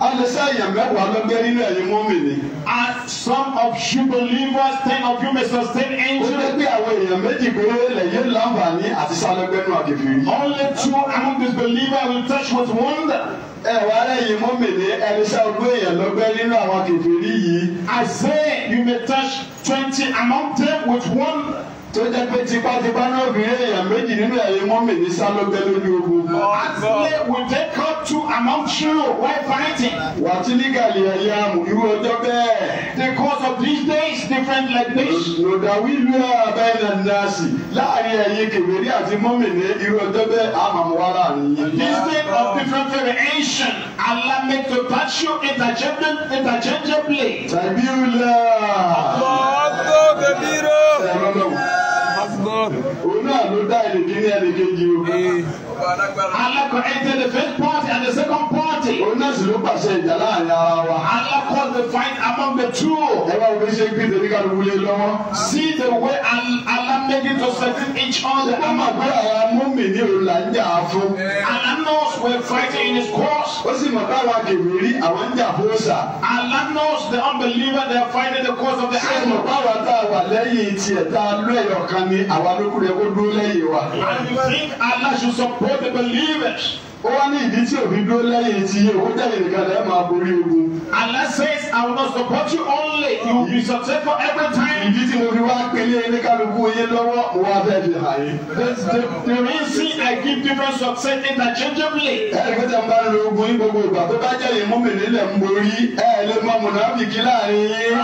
A: Àlẹ́sẹ̀ As some of you believers, ten of you may sustain angels. Only two among these believers will touch with wonder. Ẹ̀wà ẹ̀yin mọ́mìnì ẹ̀rẹ́sẹ̀ ogún èèyàn ló nínú àwọn àkèfì yìí. I say you may touch twenty among them with one tó jẹ́ pé tipátipá náà obìnrin èèyàn méjì nínú ẹ̀yẹ mọ́mì ní sálọ́gbẹ́ lórí ogun. Oh, Asile will take up to among you while fighting. Wàtílígàlì ẹ̀yà mú irú ọjọ́ bẹ́ẹ̀. The course of these days different like this. Lòdàwí ìlú abẹ́ Nàdásì láàrin ẹ̀yẹ kèwérí àti mọ́mì ní irú ọjọ́ bẹ́ẹ̀ àmàmúwárà nìyẹn. This day of different variation Allah make the virtue interchangeably. Tàbí ìlú. Ọ̀pọ̀ ọ̀pọ̀ bẹ̀bí rò. logo. náà ló dá ẹnìkí ní ẹnìkejì o. Eh. alakọ ẹ̀jẹ̀ the first party and the second party. òun náà sì ló pàṣẹ ìjà láàrin ara wa. alakọ the fight among the two. ẹ bá wọlé ṣe gbé tèmi ká ló lọ́wọ́. see the way ala make it to settle each other. wọ́n máa gbé àwọn amúmi ní òun là ń jà fún. Eh. were fighting in his course. ó sì mọ̀ káwa kèwé rí àwọn ń fún ọ̀sà. alanos the unbeliever they are fighting the course of the. ṣé mọ̀ káwa tá a wà lẹ́yìn tiẹ̀ tá a lóye ọ̀kan ni àwa ló kúrẹ́ kó dúró. And you think Allah should support the believers. ó wá ní ìdí tí òbí dúró lẹ́yìn tí yóò kó jáde nìkan lẹ́ẹ̀ máa borí ogun. Allah says I will not support you only you will be successful every time. Ìdí tí mo fi wá pélé ní kálukú yé lọ́wọ́ mo wá fẹ́ fi hàn yín. The reason I give different success interchangeably. Ẹ̀ẹ́dẹ́gbẹ́ tí a bá lo ogun yín gbogbo ìgbà tó bá jẹ́ yìí mú mi nílẹ̀ ń borí ẹ̀ lè mọ mùnàfíkì láàrin yín.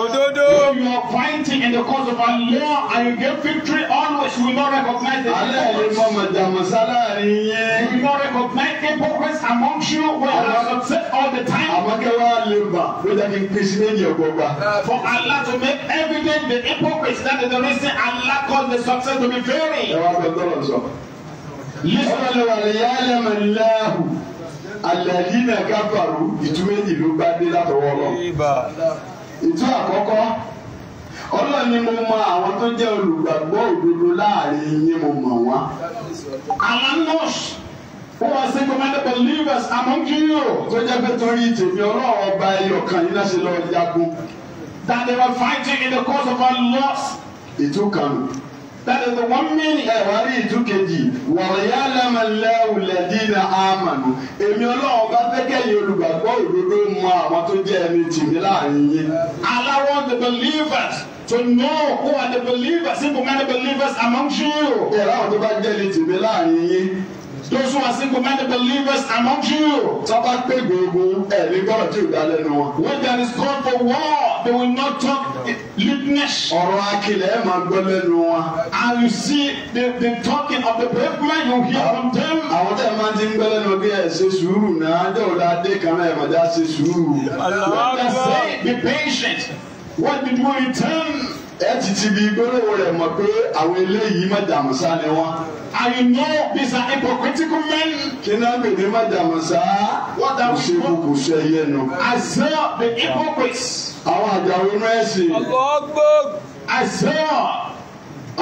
A: Òdodo. you are fighting in the cause of Allah and you get victory always you will not recognize the difference. Alẹ́ ẹ̀ lè mọ mọ̀ ọjà mọ̀sálà yẹn. you don't recognize the progress among you where I was upset all the time. àmọ́kẹ́wà lè bà ló jẹ́ kí n pín sí méjì ọ̀gbọ̀gba. for Allah to make everything the hypocrite that is the reason Allah cause the success to be very. ẹ wá fẹ́ tọ́lọ̀ sọ. listen. ọ̀rọ̀ lè wà lè yá ẹ̀ lẹ́mọ̀ lẹ́hùn alẹ́dínà káfàrú ìtumẹ́yìn ló bá dé látọwọ́ lọ. ìtú àkọ́kọ́ ọlọ́run ni mo mọ àwọn tó jẹ́ olùgbàgbọ́ òdodo láàrin yín mo mọ̀ wá. àwọn nọ́ọ̀sì ó wá sí commanded believers among you tó jẹ́ pé torí tèmi ọlọ́run ọba ẹyọkan yìí náà ṣe lọ jagun. that they were fighting in the cause of our loss. kanu that is the one meaning ẹ̀wárí ìtúkejì wàlúyà lámàlẹ́ ọ̀lẹ́dínà àmàlù èmi ọlọ́run ọba fẹ́kẹ̀yìn olùgbàgbọ́ òdodo mọ àwọn tó jẹ́ ẹni tèmi láàrin yín. allow the believers to know who are the believers single many believers among you. ẹ̀rọ àwọn tó bá jẹ́lẹ̀ tèmi láàrin yín. those who are single minded believers among you. sábà pé gbogbo ẹ̀mí gbọ́dọ̀ tí ò dá lẹ́nu wọn. when there is call for war they will not talk litness. ọ̀rọ̀ akilẹ̀ ẹ̀ máa gbọ́ lẹ́nu wọn. and you see the the talking of the pavement you hear from them. àwọn tẹ̀ máa ti ń gbẹ́ lẹ́nu bí ẹ̀ ṣe sùúrù náà jẹ́ òdà kan náà ẹ̀ máa dá ṣe sùúrù. Allah be patient wọ́n dìbò ìtàn ẹ ti ti bi gbólóhùn rẹ̀ mọ̀ pé àwọn eléyìí mọ̀jàmùsá ni wọ́n. I know these are hypocritical men. Kínní àgbèdè mọ̀jàmùsá. What are we for? Kò ṣe kò ṣe yẹ nu. Azar the hypocrites. Àwọn àjàwé inú ẹ̀sìn. Ọgbọ́gbọ́. Azar.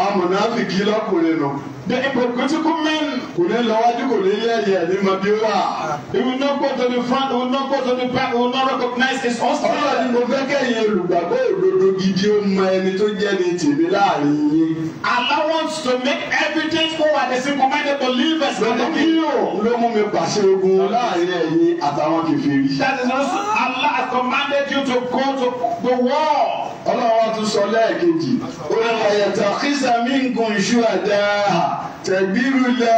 A: Amọ̀nàfìkì lọ́kùnrin nù the hypocritical men kò ní lọ wájú kò ní yẹ yẹ ní ma bí wà. he will not go to the front he will not go to the back recognize his own spirit. ọ̀rọ̀ mo fẹ́ kẹ́yìn olùgbàgbọ́ òdodo gidi ó mọ ẹni tó jẹ́ ní tèmi láàrin yín. allow us to make evidence for our simple-minded believers. lọ́dọ̀ kí yóò ló mú mi pàṣẹ ogun láàrin ẹ̀yin àtàwọn kèfèrí. that is not. Allah has commanded you to go to the war. ọlọ́run tún sọ lẹ́ẹ̀kejì. ó lè fàyẹ̀tà kí sàmí nǹkan ìṣúra dáa tẹ̀gbírùlá.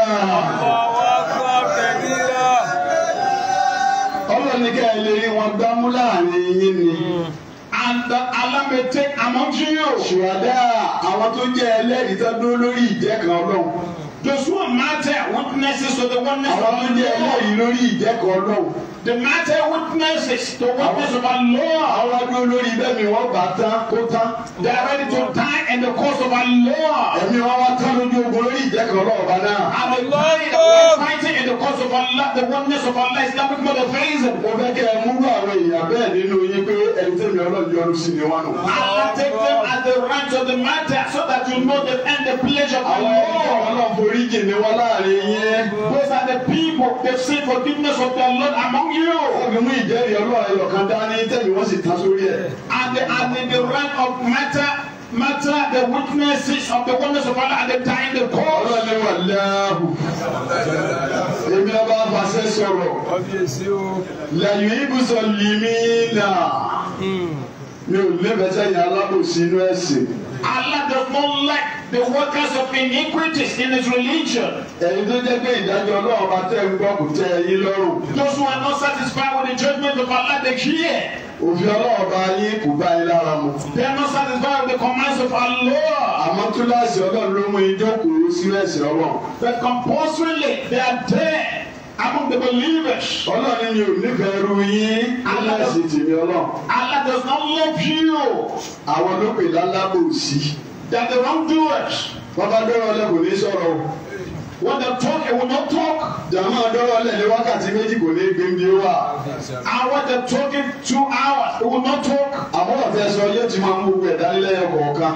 B: ọlọ́ni ká ẹ lè
A: rí wọn gbámú láàrin yín ni. alámẹ̀tẹ́ àmọ́ tí yóò ṣùwádà àwọn tó jẹ́ ẹlẹ́rìí tó dúró lórí ìjẹ́ kan ọlọ́run. Those who are martyr witnesses to the oneness of our Lord. Àwọn ọmọdé lórí ìjẹ́kọ̀ Ọlọ́run. The martyr witnesses to the oneness of our Lord. Àwọn ọmọdé olórí ibẹ̀ mi wọ́n gbà tán kó tán. They are ready to die in the cause of our Lord. Ẹ̀mí wọn wá tán lójú ogun lórí ìjẹ́kọ̀ Ọlọ́run bá náà. Our Lord is oh. fighting in the cause of our Lord. The oneness of our Lord is nothing but a reason. Mo fẹ́ kẹ́ ẹ múlò àwọn èèyàn bẹ́ẹ̀ nínú yín pé ẹni tẹ́mi Ọlọ́run yọrù sí ni wọ́n nù. Allah take them at the right of the matter so that you know the end the pleasure of the Lord oríjì ni wọ́n láàrin yín. those are the people they say forgiveness of their Lord among you. ọ̀gbìn ìjẹ́rìí ọlọ́run ẹ̀yọ̀ kan dání tẹ̀lé wọ́n sì tán sórí ẹ̀. and they in the right of matter matter the witnesses of the wonders of Allah and the time the cause. ọlọ́run ni wà
B: láàbù. èmi
A: ọba àfàṣẹ sọ̀rọ̀. lẹ́yìn ibùsọ̀ lèmi náà mi ò nífẹ̀ẹ́ sẹ́yìn alábòsí inú ẹ̀sìn. Allah does not like the workers of iniquities in his religion. Ẹ̀yin tó jẹ́ pé ìdájọ́ Ọlọ́run bá tẹ̀ ń gbọ́ kò tẹ́ ẹ̀yin lọ́rùn. Those who are not satisfied with the judgment of Allah they hear. Òfin Ọlọ́run bá kò bá yín lára mu. They are not satisfied with the commands of Allah. Àmọ́ túláàsì Ọlọ́run ló mú ijó kúrú sí ẹ̀sìn Ọlọ́run. But compulsorily they are there among the believers. Ọlọ́run ni ò nífẹ̀ẹ́ ru yín. Allah does not love Allah does not love you. Àwọn ló pè lálábòsí. They are the wrongdoers. Bàbá dọ́rọ̀ lẹ ní sọ̀rọ̀ o. When they talk, they will not talk. Jàmá dọ́rọ̀ lẹ̀ ní wákàtí méjì kò ní gbé ní wà. And when they talk in two hours, they will not talk. Àbúrò tẹ̀sán yóò ti máa ń gbogbo ẹ̀dá nílẹ̀ ẹ̀kọ̀ọ̀kan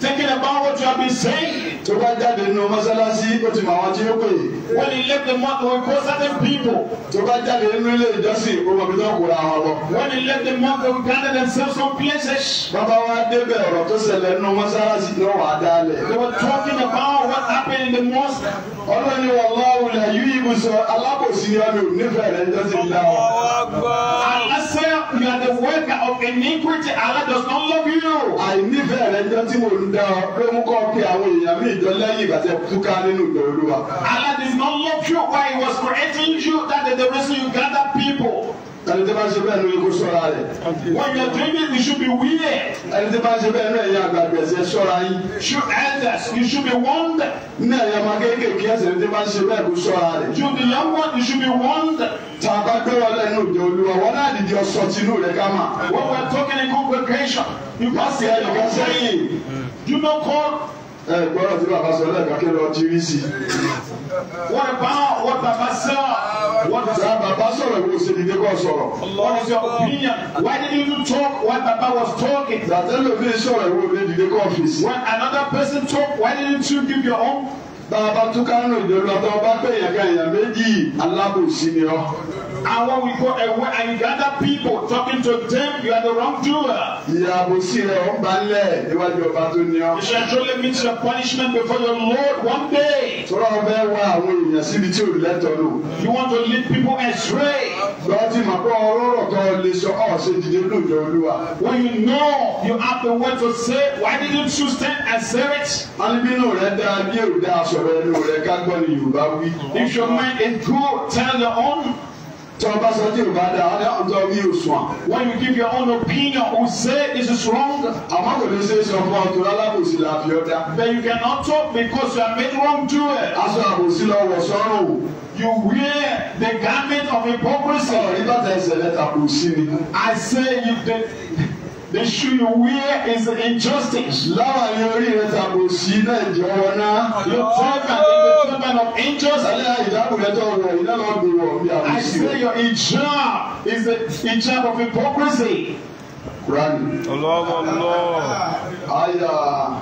A: thinking about what you have been saying. tó bá jáde nínú mọ́sálásí ó ti mọ àwọn tí ó pè é. when he left the mosque he called certain people. tó bá jáde nínú ilé ìjọsìn ó mọ̀ bí wọ́n kóra wọn lọ. when he left the mosque he gathered themselves some places. bàbá wa débẹ̀ ọ̀rọ̀ tó ṣẹlẹ̀ nínú mọ́sálásí náà wà á dálẹ̀. they were talking about what happened in the mosque. ọlọ́ni wàláwù la yú ibùsọ̀ alákòsí ọ̀nà nífẹ̀ẹ́ rẹ̀ jọ́sìn ìlà wọn. Allah say you are the worker of iniquity Allah does not love you dá ọ mú kọ́ pé àwọn èèyàn ní ìjọ lẹ́yìn ìgbà tẹ túká nínú ìjọ olúwa. Allah did not love you while he was creating you that is the reason you gather people ẹni tí bá ṣe bẹ́ẹ̀ lórí kó ṣọ́ra rẹ̀. when you are doing it you should be aware. ẹni tí bá ṣe bẹ́ẹ̀ náà ẹ̀yin àgbàgbà ẹ̀sẹ̀ ṣọ́ra yín. you elders you should be warned. ní ẹ̀yà ọmọ kéékèèké ẹ̀sẹ̀ tí bá ṣe bẹ́ẹ̀ kó ṣọ́ra rẹ̀. you the young one you should be warned. tá a bá gbé wọn lẹ́nu òde olúwa wọn náà dìde ọsọ tinú rẹ̀ ká mà. when we are talking in congregation you pass the call ẹ gbọ́dọ̀ tí bàbá sọ lẹ́ẹ̀kan kí lọ jírí sí i. wọ́n ní bá wọ́n bàbá sá. wọ́n ti sá bàbá sọ̀rọ̀ ìwé òsèdìdé kọ́ sọ̀rọ̀. What is your opinion? Why didn't you talk when Baba was talking? dàtẹ́lẹ̀ mi sọ̀rọ̀ ìwé òsèdìdé kọ́ ọ́fíìsì. When another person talk, why didn't you give your own? bàbá tún kánú ìdèrò àtàwọn bá pè yàn kan èèyàn méjì alábòsí ni ọ. And when we go away and gather people talking to them, you are the wrongdoer. Ìyà àbòsí rẹ̀ ń balẹ̀ níwájú ọba tó ní ọ. You shall surely meet your punishment before your Lord one day. Tọ́lá ọbẹ̀ wá àwọn èèyàn síbi tí ò lẹ́tọ̀ọ́ lò. You want to lead people astray. Lọ́tí màá kọ́ ọlọ́rọ̀ kan lè sọ ọ́ ṣe dìde lóòjọ́ Olúwa. When you know you have the word to say, why didn't you stand and say it? Alibinu rẹ̀ dá bí èrò dá sọ̀rọ̀ ẹnu rẹ̀ ká gbọ́ ni Yorùbá wí. If your mind is good, tell your own tí wọn bá sọ tí o bá da ọ ní when you give your own opinion who say this is wrong. I'm not going to say sọ fún ọ tó lálábòsí la fi ọ dá. but you cannot talk because you are made wrong do it. aṣọ àbòsí lọ wọ̀ sọ́rùn o. You wear the garment of hypocrisy. ọ̀rọ̀ nígbà tẹ̀sẹ̀ lẹ́ta kò sí ni. I say you dey. The shoe you wear is injustice. Láwọn ní orí rẹ̀ ṣàbòsí náà jẹ́ wọn náà. You talk and you talk kind of injustice. Àlẹ́ ìjábò rẹ̀ tó wọ̀ iná lọ bí wọ̀ bí àbòsí. I say your hijab is the hijab of hypocrisy. Quran. Ọlọ́wọ́ lọ. Aya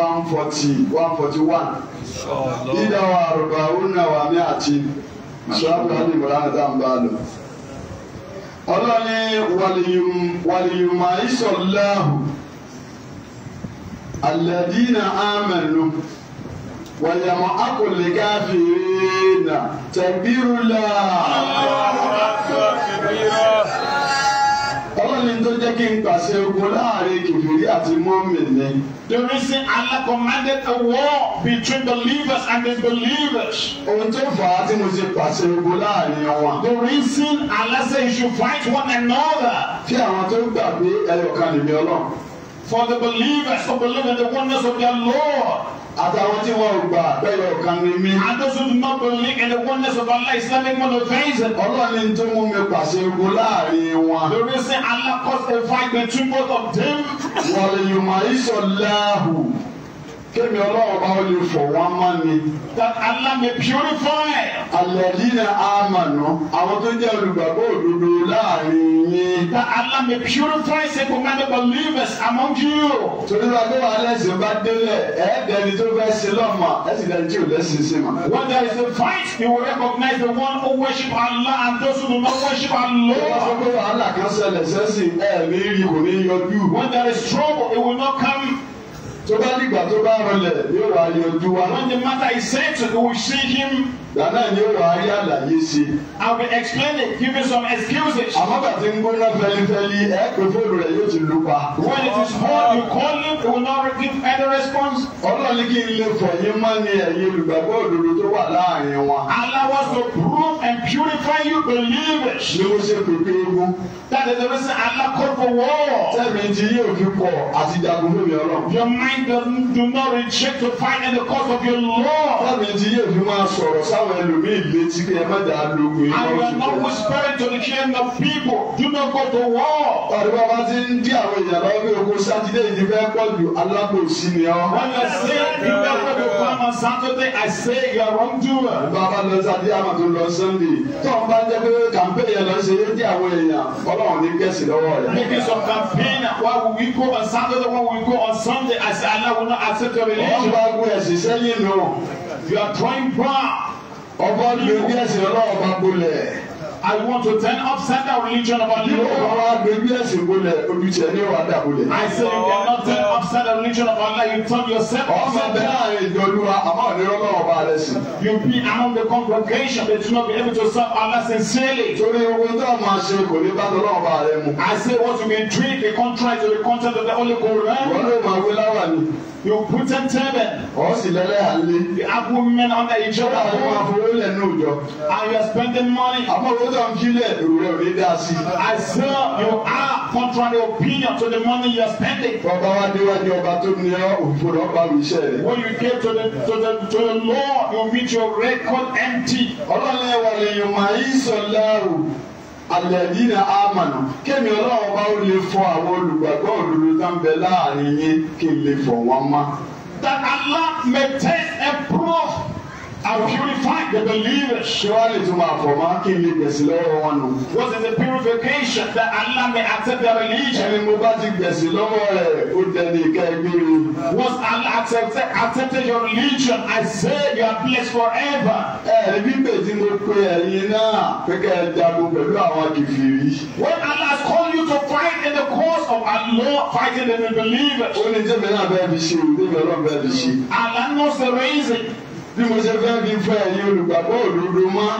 A: one forty one forty one. Ìdáwọ̀ àrùbá òun náà wà ní àti. Ṣé àbúrò àdìgbò láti dáhùn bá a lọ? ọlọ́ni wàlíyùmá ìṣọ̀láhù alẹ́dínà àmẹ́nu wàlíyàmọ́ akọ̀lẹ̀ káfíìnà tẹ̀gbírúlá ọlọ́ni tó jẹ́ kí n pàṣẹ ogun láàrin kìfìrí àti mọ́mìnì. The reason Allah commanded a war between believers and disbelievers. Ohun tó fà á tí mo ṣe pàṣẹ ogun láàrin wọn. The reason Allah said you should fight one another. Kí àwọn tó gbà pé ẹyọ̀kan nìmi Ọlọ́run for the believers to believe in the oneness of their Lord. Àtàwọn tí wọn bẹ́ẹ̀ ọ̀kan ni mí. And those who do not believe in the oneness of Allah Islamic monotheism. Ọlọ́run tó mú mi pàṣẹ ewu láàrin wọn. The reason Allah caused a fight between both of them. Wàlẹ̀ Yorùbá Ìṣọ̀láhù kémi ọlọ́wọ́ bá wọlé fọ̀ wọ́n má ni. that Allah may purify. alẹ́lí na amànà àwọn tó jẹ́ olùgbàgbọ́ òdodo láàrin yín. that Allah may purify say commanded believers among you. torí wa bí wàá lẹ́sìn bá délẹ̀ ẹ̀ tó fẹ́ sin lọ́mọ ẹ̀ tí ò lẹ́sìn sí ma. when there is a fight you will recognize the one who worship Allah and those who do not worship Allah. ó wá sọ wàhálà kan ṣẹlẹ̀ sẹ́sìn ẹ̀ẹ́mí kò ní yọjú. when there is trouble it will not come tó bá dìgbà tó bá rọlẹ̀ yóò wá yọjú wa. When the matter is settled, we will see him. Gbàná ni ó wà á rí àlàyé ṣe. I will explain it, give you some excuses. Àmọ́ bàtí ń gbóná fẹlifẹli, ẹ pé fóònù rẹ̀ yóò ti lu pa. When it is hot, you call him, he will not give any response. Ọlọ́run kí n lè fọ̀ yín mọ́ ni ẹ̀yin olùgbàgbọ́ òdodo tó wà láàrin wọn. Allah wants to prove and purify you believers. Ni mo ṣe pèpè egun. That is the reason Allah called for war. Tẹ́mi ti yí òfin pọ̀ àti jagun fún mi ọlọ́run. Your mind do not reject to find in the cause of your Lord. Tẹ́mi ti yí òfin máa sọ̀rọ̀ sá táwọn ẹlòmíì létí pé ẹ má dàá lo ogun yìí lọ́wọ́ ṣùgbọ́n. and you are not whispering to the hearing of people do not go to war. ọ̀rẹ́ bàbá ti ń dí àwọn èèyàn lọ́wọ́ pé ogun sátidé yìí fẹ́ pọ̀ ju alábòsí ni ọ́. when you say you dey go to farm on saturday i say you are wrong doer. bàbá lọ sátidé àmà tó lọ sunday tó ń bá jẹ́ pé kàmpé yẹn lọ ṣe é dí àwọn èèyàn ọlọ́run ní kẹ́sì lọ́wọ́ rẹ̀. making some campaign why we go on saturday why we go on sunday as allah will not accept your religion. wọ́n bá gún ẹ̀sìn sẹ́yìn nù. you are trying proud ọba lu ebi ẹsẹ̀ ọlọ́wọ́ bá gbolẹ̀. I want to turn upside down religion of our people. Yóò wá bẹ̀bí ẹ̀sìn bolẹ̀ olùjẹ́ ní wàá dà bolẹ̀. I say you cannot turn upside down religion of Allah you turn yourself upside down. Ọmọ bẹ́ẹ̀ náà ìjọ olúwa àmọ́ ònírọ́ náà ọba rẹ̀ sí. You be among the congregation that you no be able to serve Allah sincerely. Torí owó tó a máa ṣe kò ní bá tọ́lọ́ ọba rẹ̀ mu. I say what you been doing dey contrary to the content of the Holy Quran. Wọ́n ló máa wí láwà ni yòókù tẹ́ntẹ́n bẹ̀. ọ̀ sì lẹ́lẹ́ àlẹ́. the apple men under each other. ó máa fowó lẹ̀ ní òòjọ́. and you spending money. àmọ́ owó tó ń fi lẹ̀ èrò rẹ̀ ò ní dá sí. I say you are contrary opinion to the money you are spending. ọba wa déwájú ọba tó ní ọ òfò ọba mi iṣẹ́ rẹ. when you get to the to the to the law, you meet your record empty. ọlọ́run ẹ̀wà lèèyàn máa ń sọ láàrú alẹ́dínà àmàna kémi ọlọ́run bá ó lè fọ àwọn olùgbàgbọ́ òdodo tá ń bẹ láàrin yín kí n lè fọ wọn mọ́. That Allah may test and prove are purify The believers. Surely to my former king gbèsè lọ́wọ́ wọn nù. What is the purification that Allah may accept their religion? Ẹni mo bá ti gbèsè lọ́wọ́ rẹ̀, ó dẹni ìka ẹgbẹ́ rẹ̀. Once Allah accepted accepted your religion, I say you are blessed forever. Ẹ̀rí bíbẹ̀ tí mo pe ẹ̀yin náà pé kẹ́ ẹ jagun pẹ̀lú àwọn kìfìrí. When Allah call you to fight in the cause of Allah, fighting in the believers. Ó ní jẹ́mi náà bẹ́ẹ̀ fi ṣe, ìdíbi ọlọ́run bẹ́ẹ̀ fi ṣe. Allah knows the reason bí mo ṣe fẹ́ fi fọ ẹ̀yin olùgbàgbọ́ òdodo mọ́.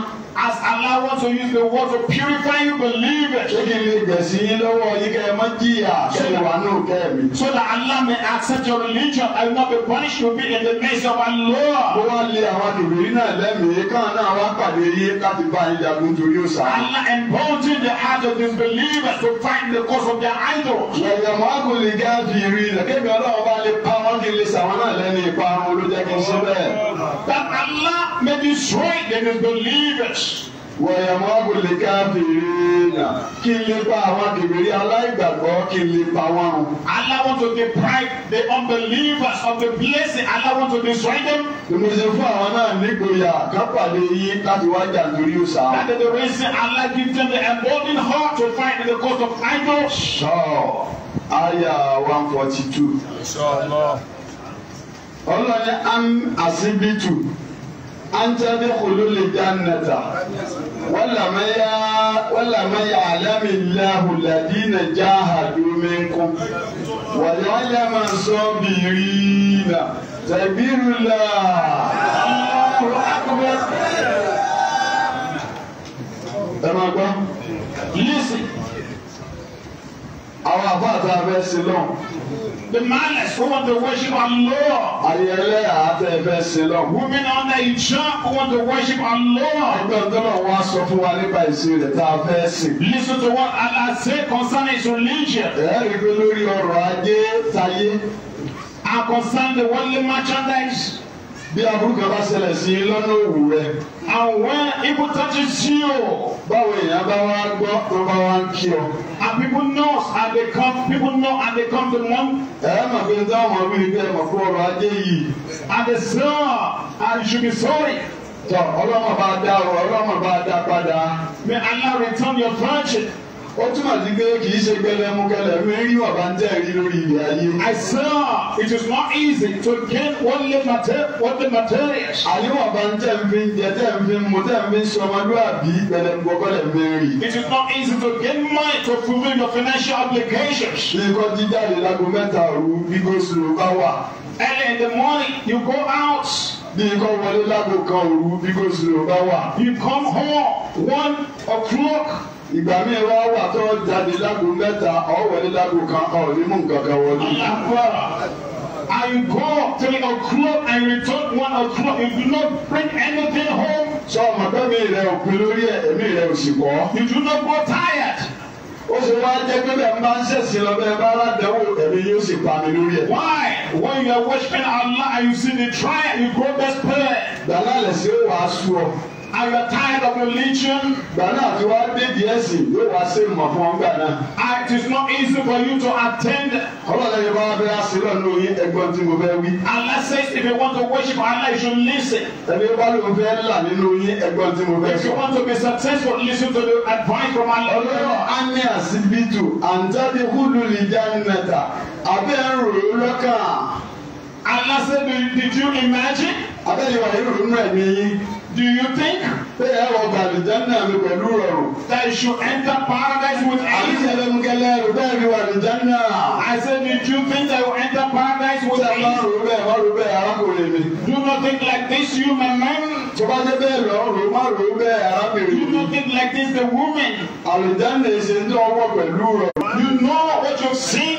A: As Allah wants to use the word to purify you, believe it. Ṣé kí n lè yín lọ́wọ́ yín kẹ́ ẹ má jìyà ṣe wà ní mi? So that Allah may accept your religion and not be punished you be in the midst of Allah. Mo wá lé àwọn àdùnmí náà lẹ́mìí kan náà wá pàdé yé láti bá yín jagun torí òòṣà. Allah embolden the heart of disbelievers to fight the cause of their idol. Yàyàmọ́ àgùnlé gáàfì rí ilẹ̀ kébì ọlọ́run bá lè pa wọ́n kí n lè sàwọn náà lẹ́nu ìparun olójẹ́kí ń ṣe bẹ́ẹ̀ that Allah may destroy the unbelievers. Wọ̀yàmọ́bù lè káfíìrìnà kí n lè pa àwọn kìbìrì aláìgbàgbọ́ kí n lè pa wọn. Allah wants to deprive the unbelievers of the blessing Allah wants to destroy them. Ìmùsùn fún àwọn náà nígboyà kápàdé yín láti wá jà lórí That is the reason Allah gives them the emboldened heart to fight in the cause of idols. Sọ, àyà one forty two. Inshallah ọlọ́ni am asibitu antabi kululi jannata walamaya alamilahu ladina jahadu minkum wàlálàmà sọ́bìrìnà tẹ̀bírùlà ẹ máa gbọ́ lísì àwọn àbá àti abẹ́ sí lọ́n. The man is who want to worship Allah. Ayẹlẹ́ àti ẹ̀fẹ́ sí lọ. Women under hijab who want to worship Allah. Ẹgbẹ́ ọ̀dọ́nà wa sọ fún wa nípa
B: ìsìn rẹ̀ tá a fẹ́ sìn.
A: Listen to what Allah say concerning his religion. Ẹ̀rí pé lórí ọrọ̀ ajé tayé. And concerning the worldly merchandise. Bí aburú kan bá ṣẹlẹ̀ sí i lọ́nà òwú rẹ̀. And when evil touches you. Báwo èèyàn bá wá gbọ́ tó bá wá ń kí ọ people know and they come people know and they come to mourn. Eh, ẹ mà fi ń dáhùn àwọn ìrìn bẹ́ẹ̀ mà fún ọrọ̀ ajé yìí. and they saw and you should be sorry. tọ ọlọ́mọ bá dá o ọlọ́mọ bá dá padà. may Allah return your friendship ó túmọ̀ sí pé kì í ṣe gbẹlẹmú gbẹlẹmú rí bàbá ń tẹ̀rí lórí ilẹ̀ ayé. I saw it is not easy to gain only material only material. àyè bàbá ń tẹ̀ ń fi jẹ tẹ̀ ń fi mu tẹ̀ ń fi sọmọlúwàbí gbẹlẹmú gbẹlẹmú rí. It is not easy to get money to fulfil your financial obligations. ikọ́ jíjáde lago mẹ́ta òru gbígbó sùn bá wà. Early in the morning you go out bí ikọ́ wọlé lágbo kan òru bí gòsìlò bá wà. you come home one o'clock ìgbà míì wá wà tó jáde lágbo mẹ́ta ọ̀wẹ́lé lágbo kan ọ̀rí mú nǹkan kan wọlé. I go three o'clock and return one o'clock. If you not bring anything home. Sọ ma pé mi rẹ̀ ò pin lórí ẹ̀ èmi rẹ̀ ò sì kọ́. You do not go tired. Ó sì wá jẹ́ pé bẹ́ẹ̀ máa ń ṣẹ̀sìn lọ bẹ́ẹ̀ bá aládàáwò ẹ̀mí yóò sì pa mi lórí ẹ̀. Why? When you are worshiping Allah and you see the trial, you go best prayer. Gbàlá sí wàásù ọ and you are tired of religion. Gbà náà tí wàá dédìí ẹ̀sìn yóò wá sí ìmọ̀ fún ọgbà náà. Ah, it is not easy for you to attend. Ọlọ́run yẹn bá wá bẹ́ẹ̀ sí lọ́nà oyin ẹgbọ́n tí mo fẹ́ wí. Allah says if you want to worship Allah you should listen. Ẹni bá lóun fẹ́ là nínú oyin ẹgbọ́n tí mo fẹ́ sọ. If you want to be successful listen to the advice from Allah. Ọlọ́run á ní àsìbìtù àǹtàdé húdù lè já nìta lọ́kàn. Allah said did you imagine? Abẹ́yẹ̀wò ẹ̀rù nù ẹ̀mí yín. Do you think? Ṣé ẹ wọ àlìjáná mi pẹ̀lú rọrùn? That you should enter paradise with ease? Àbí ṣẹlẹ̀mukẹlẹ̀ rẹ̀ bẹ́ẹ̀ ni wà àlìjáná. I said, did you think that you enter paradise with ease? Ṣé máa bẹ́ẹ̀ máa bẹ́ẹ̀ arákùnrin mi? Do not think like this, you my man. Tó bá jẹ́ bẹ́ẹ̀ lọ, rò máa rò bẹ́ẹ̀ arábìnrin mi. Do not think like this, the woman. Àlìjáná ṣe ń tọ́ ọwọ́ pẹ̀lú rọrùn. You know what you're seeing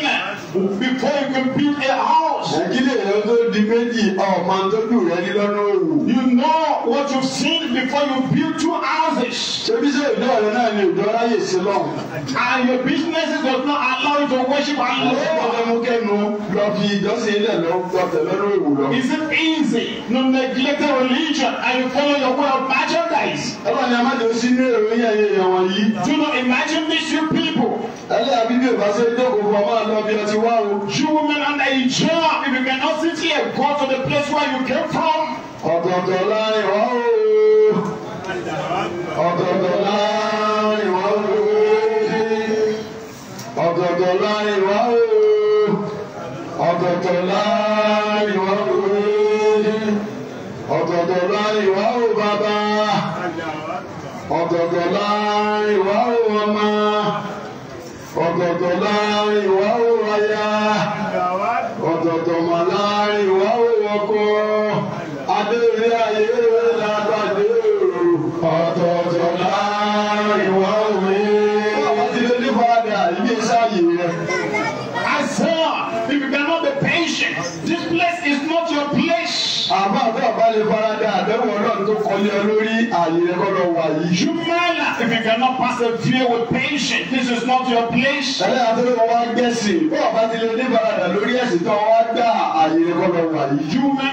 A: before you can build a house. Nàìjíríà yẹn tó di méjì ọmọ tó dùn rẹ ní lọ́nà òwò. You know what you've seen before you build two houses. Ṣé bí sẹ́yìn náà náà ni ìjọ ráyè sí lọ́wọ́? And your business does not allow you to worship Allah. Àwọn ọmọ kẹ́nu lọ fi ìjọsìn ilẹ̀ lọ gbọ́dọ̀ lọ́nà òwò lọ. Is it easy to neglect religion and you follow your way of merchandise? Ọlọ́run a máa jẹ́ sínú èrò yẹn yẹn wọ̀nyí. Do not imagine these few people. Ẹlẹ́ bí bí o bá ṣe jókòó fún ọmọ àlọ́ bí ẹ ti wá o. You women under a job if you cannot sit here go to the place where you came from. Ọ̀tọ̀ọ̀tọ̀ láàrin wá o. Ọ̀tọ̀ọ̀tọ̀ láàrin wá o. Ọ̀tọ̀ọ̀tọ̀ láàrin wá o. Ọ̀tọ̀ọ̀tọ̀ láàrin wá o. Ọ̀tọ̀ọ̀tọ̀ láàrin wá o bàbá. Ọ̀tọ̀ọ̀tọ̀ láàrin. the persevere with patience. This is not your place. Ẹlẹ́ àtúntò kan wá gbẹ̀sìn. Bí ọba ti lè ní ìfaradà lórí ẹ̀sìn tó wá gbà àyè lọ wà yìí. You may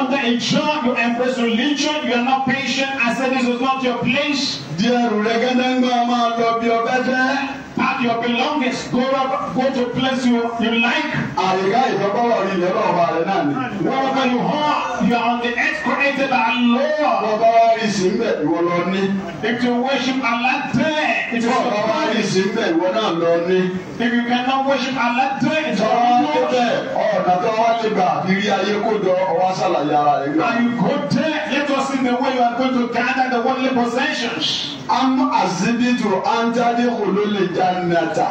A: under a job, you embrace religion, you are not patient. I said this is not your place. Díẹ̀ rẹ̀ gẹ́gẹ́ gbọ́n máa lọ bí ọbẹ̀ fẹ́. Pack your belongings, go, go to place you, you like. Àyíká ìjọkọ̀wọ̀ ni ìlẹ́rọ̀ ọba rẹ̀ náà ni. Wherever you are, you are on the earth created by Allah. Bọ́lá wa rí sí mbẹ̀ ìwọ lọ ní. If you worship Allah there, it is your rí sí mbẹ̀ ìwọ náà lọ ní. If you cannot worship Allah there, it is bẹ̀ ọ̀nà tó wá lè gbà ìrí ayé kó dọ̀ ọwọ́ sàlàyé ara rẹ̀ gbà. And you go there, just in the way you are going to gather the worldly possessions. am asibitu anjade olóle jannata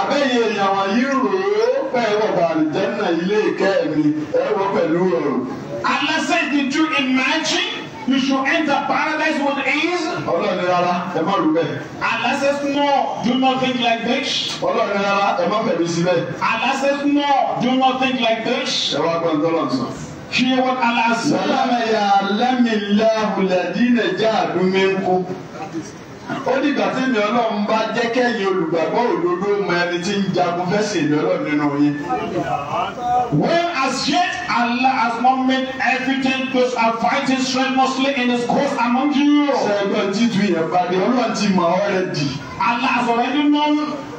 A: abẹ́yẹ èèyàn wọ̀nyí rèé pẹ́ wọ̀ bàrẹ̀ jẹ́nà ilé ìkẹ́ mi ẹ wọ pẹ̀lú ọ̀rọ̀. Allah said did you imagine you should enter paradise with ease. ọlọ́ọ̀ni rárá ẹ e má rú bẹ́ẹ̀. Allah says no do not think like this. ọlọ́ọ̀ni rárá ẹ má fẹ̀mí síbẹ̀. Allah says no do not think like this. ẹ wá gbọ́n tọ́lọ̀ sọ shi ala sallama ya lamillahu ladina jahadu minkum ó dìgbà tí mi ọlọ́run bá jẹ́ kẹ́yìn olùgbàgbọ́ òdodo mọ ẹni tí ń jagun fẹ́sìn mi ọlọ́run nínú yín. When as yet Allah has not made everything those are fighting strenuously in his cause among you. Ṣé títú yẹn bá dé ọlọ́run ti mọ̀ ọ́ rẹ̀ dì. Allah has already known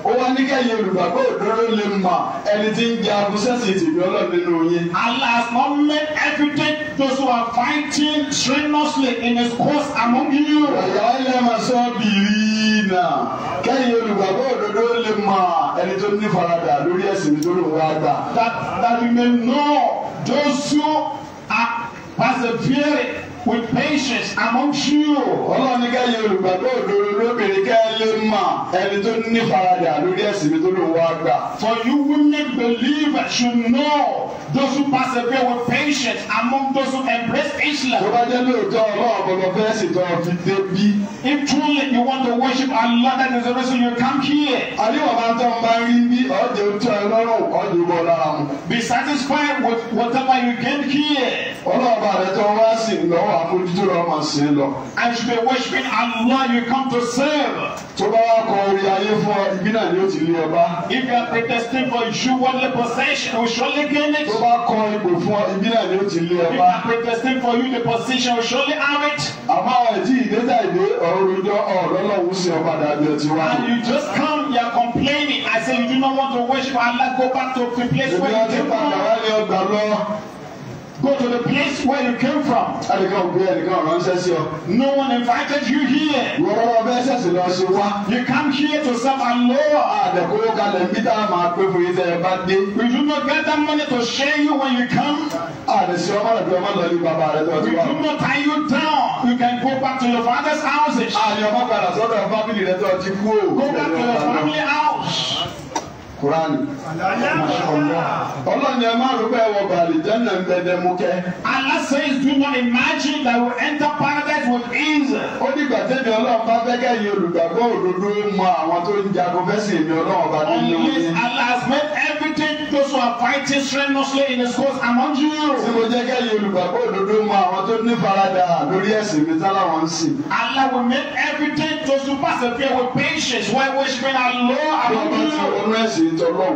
A: ó wá ní kẹ́yìn olùgbàgbọ́ òdodo lè mọ̀ ẹni tí ń jẹ abúsẹ́sì ìtìbí ọlọ́run nínú yín. Allah has not made evident those who are fighting strenuously in his cause among you. Ọ̀yà ilẹ̀ sọ bìrì náà kẹ́yìn olùgbàgbọ́ òdodo lè mọ̀ ẹni tó ní faradà lórí ẹ̀sìn tó lòun wá gbà. That that you may know those who are persevering with patience among you. ọlọ́ni ká yẹ olùgbàgbọ́ òdodo lóbìnrin ká lè mọ̀ ẹni tó ní faradà lórí ẹ̀sìn mi tó lò wá gbà. for you women believers should know those who pass away with patience among those who embrace Islam. tó bá jẹ́ lóòótọ́ ọlọ́run bọ̀dọ̀ fẹ́ ṣètò ọ̀fi débí. if truly you want to worship Allah that is the reason you come here. àdéhùn máa tán bá rí bí ọ̀dẹ̀ tó ẹ lọ́rùn ọ̀dẹ̀ bọ̀ lára mu. be satisfied with whatever you gain here. ọlọ́ọ̀bà rẹ̀ tó wá sí lọ́wọ́ àbójútó rẹ̀ máa ṣe é lọ. and you be worshiping Allah you come to serve. tó bá wà kọ orí ayé fún ọ ibi náà ni ó ti lé ẹ bá. if you are protesting for your worldly possession you surely gain it. tó bá kọ ipò fún ọ ibi náà ni ó ti lé ẹ bá. if you are protesting for you the position you surely have it. àmọ́ ẹ̀jí ìgbésà ìdè ọ̀rọ̀ ìjọ ọ̀rọ̀lọ́wọ́ sí ọba dàbí ẹ̀ wá. and you just come you are complaining I say you do not want to worship Allah go back to the place where you dey from. ìgbésà ìdè wá ní ọgbà lọ. Go to the place where you came from. Ẹnìkan ò gbé ẹnìkan ránṣẹ́ sí ọ. No one invited you here. Wọ́n lọ bẹ́ẹ̀ ṣẹ̀ṣẹ̀ lọ ṣe wá. You come here to serve our Lord. Àdàkóró kalẹ̀ ń bí tá a máa pé fún yín tẹ́ ẹ bá We do not get that money to share you when you come. Àdìsí ọmọ rẹ̀ bí ọmọ lọ ní bàbá rẹ̀ tó ti wá. We do not tie you down. You can go back to your father's house. Àyọ̀mọ́ padà sọ́dọ̀ family rẹ̀ tó ti kú o. Go back to your family house kurani
B: mashallah
A: ni ẹ máa rò pé ẹ wọ bàálì jẹ́nà ń bẹ dẹ́mu kẹ́. Allah says do not imagine that we enter paradise with ease. ó ní gbàtẹ́mi ọlọ́run bá fẹ́ kẹ́yìn olùgbàgbọ́ òdodo mọ àwọn tó ń jagun fẹ́sìn mi ọlọ́run bá nínú mi. Unless Allah has made everything those who are fighting strenuously in his cause among you. Tí mo jẹ́ kẹ́yìn olùgbàgbọ́ òdodo mọ àwọn tó ní farada lórí ẹ̀sìn mi tá láwọn ń Allah will make everything to persevere with patience while worshiping our Lord among you. Bí wọ́n ti wọnú ẹ̀sìn tọ́lọ́.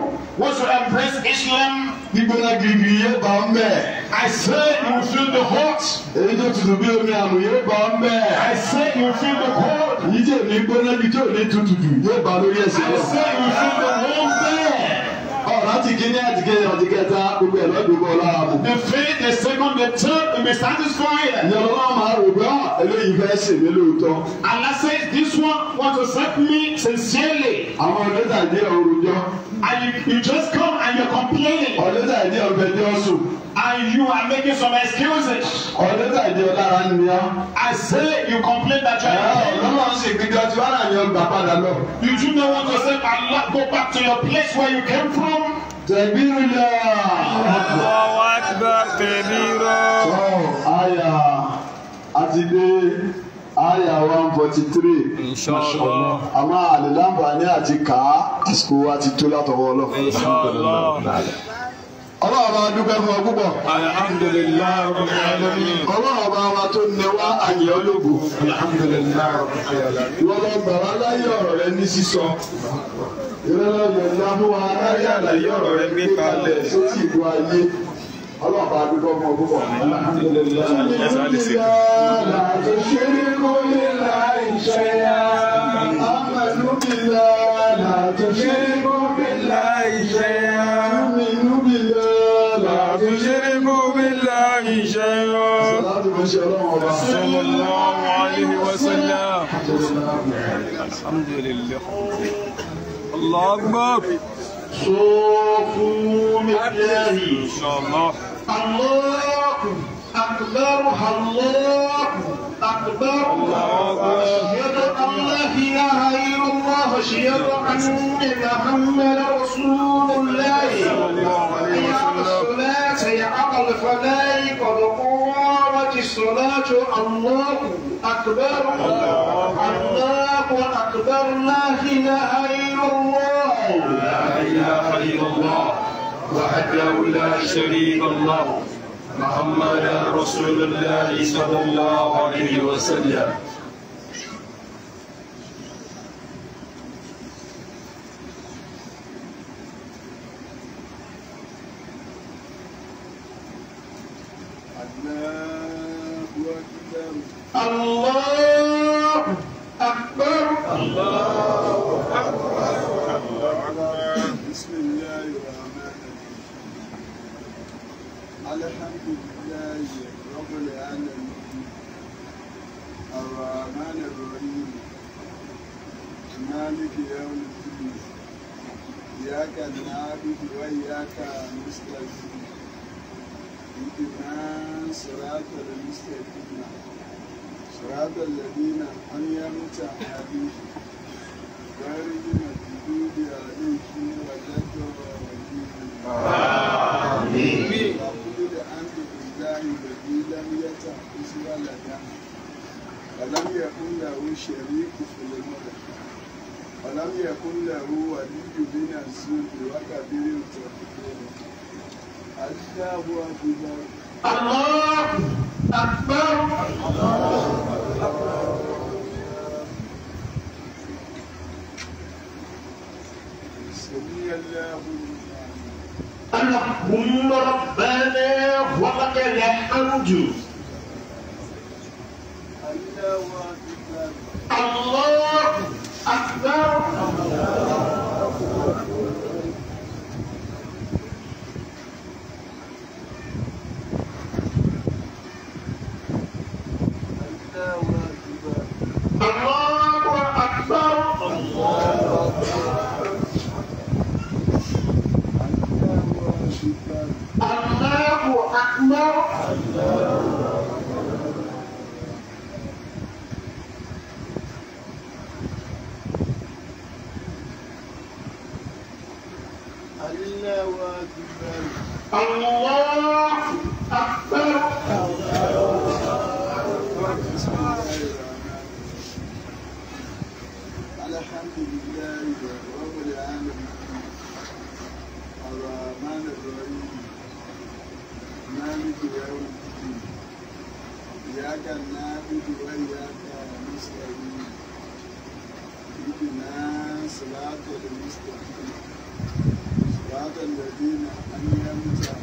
A: Once you embrace Islam. Gbígbóná gidi yé bá ń bẹ̀. I say you will feel the hot. Èyí tó tutù bí omi àmì yé bá ń bẹ̀. I say you will feel the cold. Yíjẹ̀ ní gbóná gidi tí ò ní tutù jù yé bá lórí ẹ̀sìn lọ. I say you will feel the warm láti kí ní àtìkẹ́ gbogbo ẹ̀ lọ́dún bọ́ lára mu. the faith the second the third will be satisfied. ìyọ̀lọ́wọ́ máa rò gbọ́ ah, eléyìí fẹ́ ṣe mí lóòótọ́. Allah says this one want to serve me sincerely. àwọn ọ̀dọ́ta ìdí ọ̀rùn jọ. and you, just come and you complaining. ọ̀dọ́ta ìdí ọ̀bẹ ní ọ̀sùn. and you are making some excuses. ọ̀dọ́ta ìdí ọ̀dára ni ya. I say you complain that you are not there. ọ̀nà máa ń ṣe ìgbìjọ tí wàhálà ni ọgbà padà lọ. you do not want to say Allah go back to your place where you came from. Tẹ̀bírúlẹ̀. Allahu akbar tẹ̀bírọ̀. Sọ àyà àti dé àyà one forty three. Inshallah. Àmọ́ àlèlámbà ni àti kà á àsìkò wa ti tó Inshallah. Ọlọ́run bá dúpẹ́ fún ọ púpọ̀. Alhamdulillahi rabbil alamin. Ọlọ́run bá wa tó nẹ àyè ológo. Alhamdulillahi rabbil alamin. Ìwọ́n bá láyé ọ̀rọ̀ rẹ ní sísọ ìrẹ́lẹ́yẹ lábúwa aráyé àlàyé ọ̀rọ̀ rẹ gbé kalẹ̀ sósì ìlú ayé ọlọ́pàá dúpọ́ fún púpọ̀. Láti ṣe
B: ní kó lè láì ṣe yá. Amẹ̀lúbìlá láti ṣe ní kó lè láì ṣe yá. Amẹ̀lúbìlá láti ṣe ní kó lè láì ṣe yá. Sallallahu alayhi wa sallam. Alhamdulillah. الله اكبر صوفوا أكبر ان شاء الله الله اكبر
A: الله اكبر الله اشهد ان لا اله الا الله اشهد ان محمدا رسول الله يا الصلاه يا الخلائق وقامت الصلاه الله اكبر الله اكبر لا اله الا لا
B: إله إلا الله وحده لا شريك الله محمد رسول الله صلى الله عليه وسلم الله أكبر
A: الله أكبر
B: الحمد لله رب العالمين الرحمن الرحيم مالك يوم الدين إياك نعبد وإياك نستعين اهدنا صراط المستقيم waɗanda zai na hanyar mutane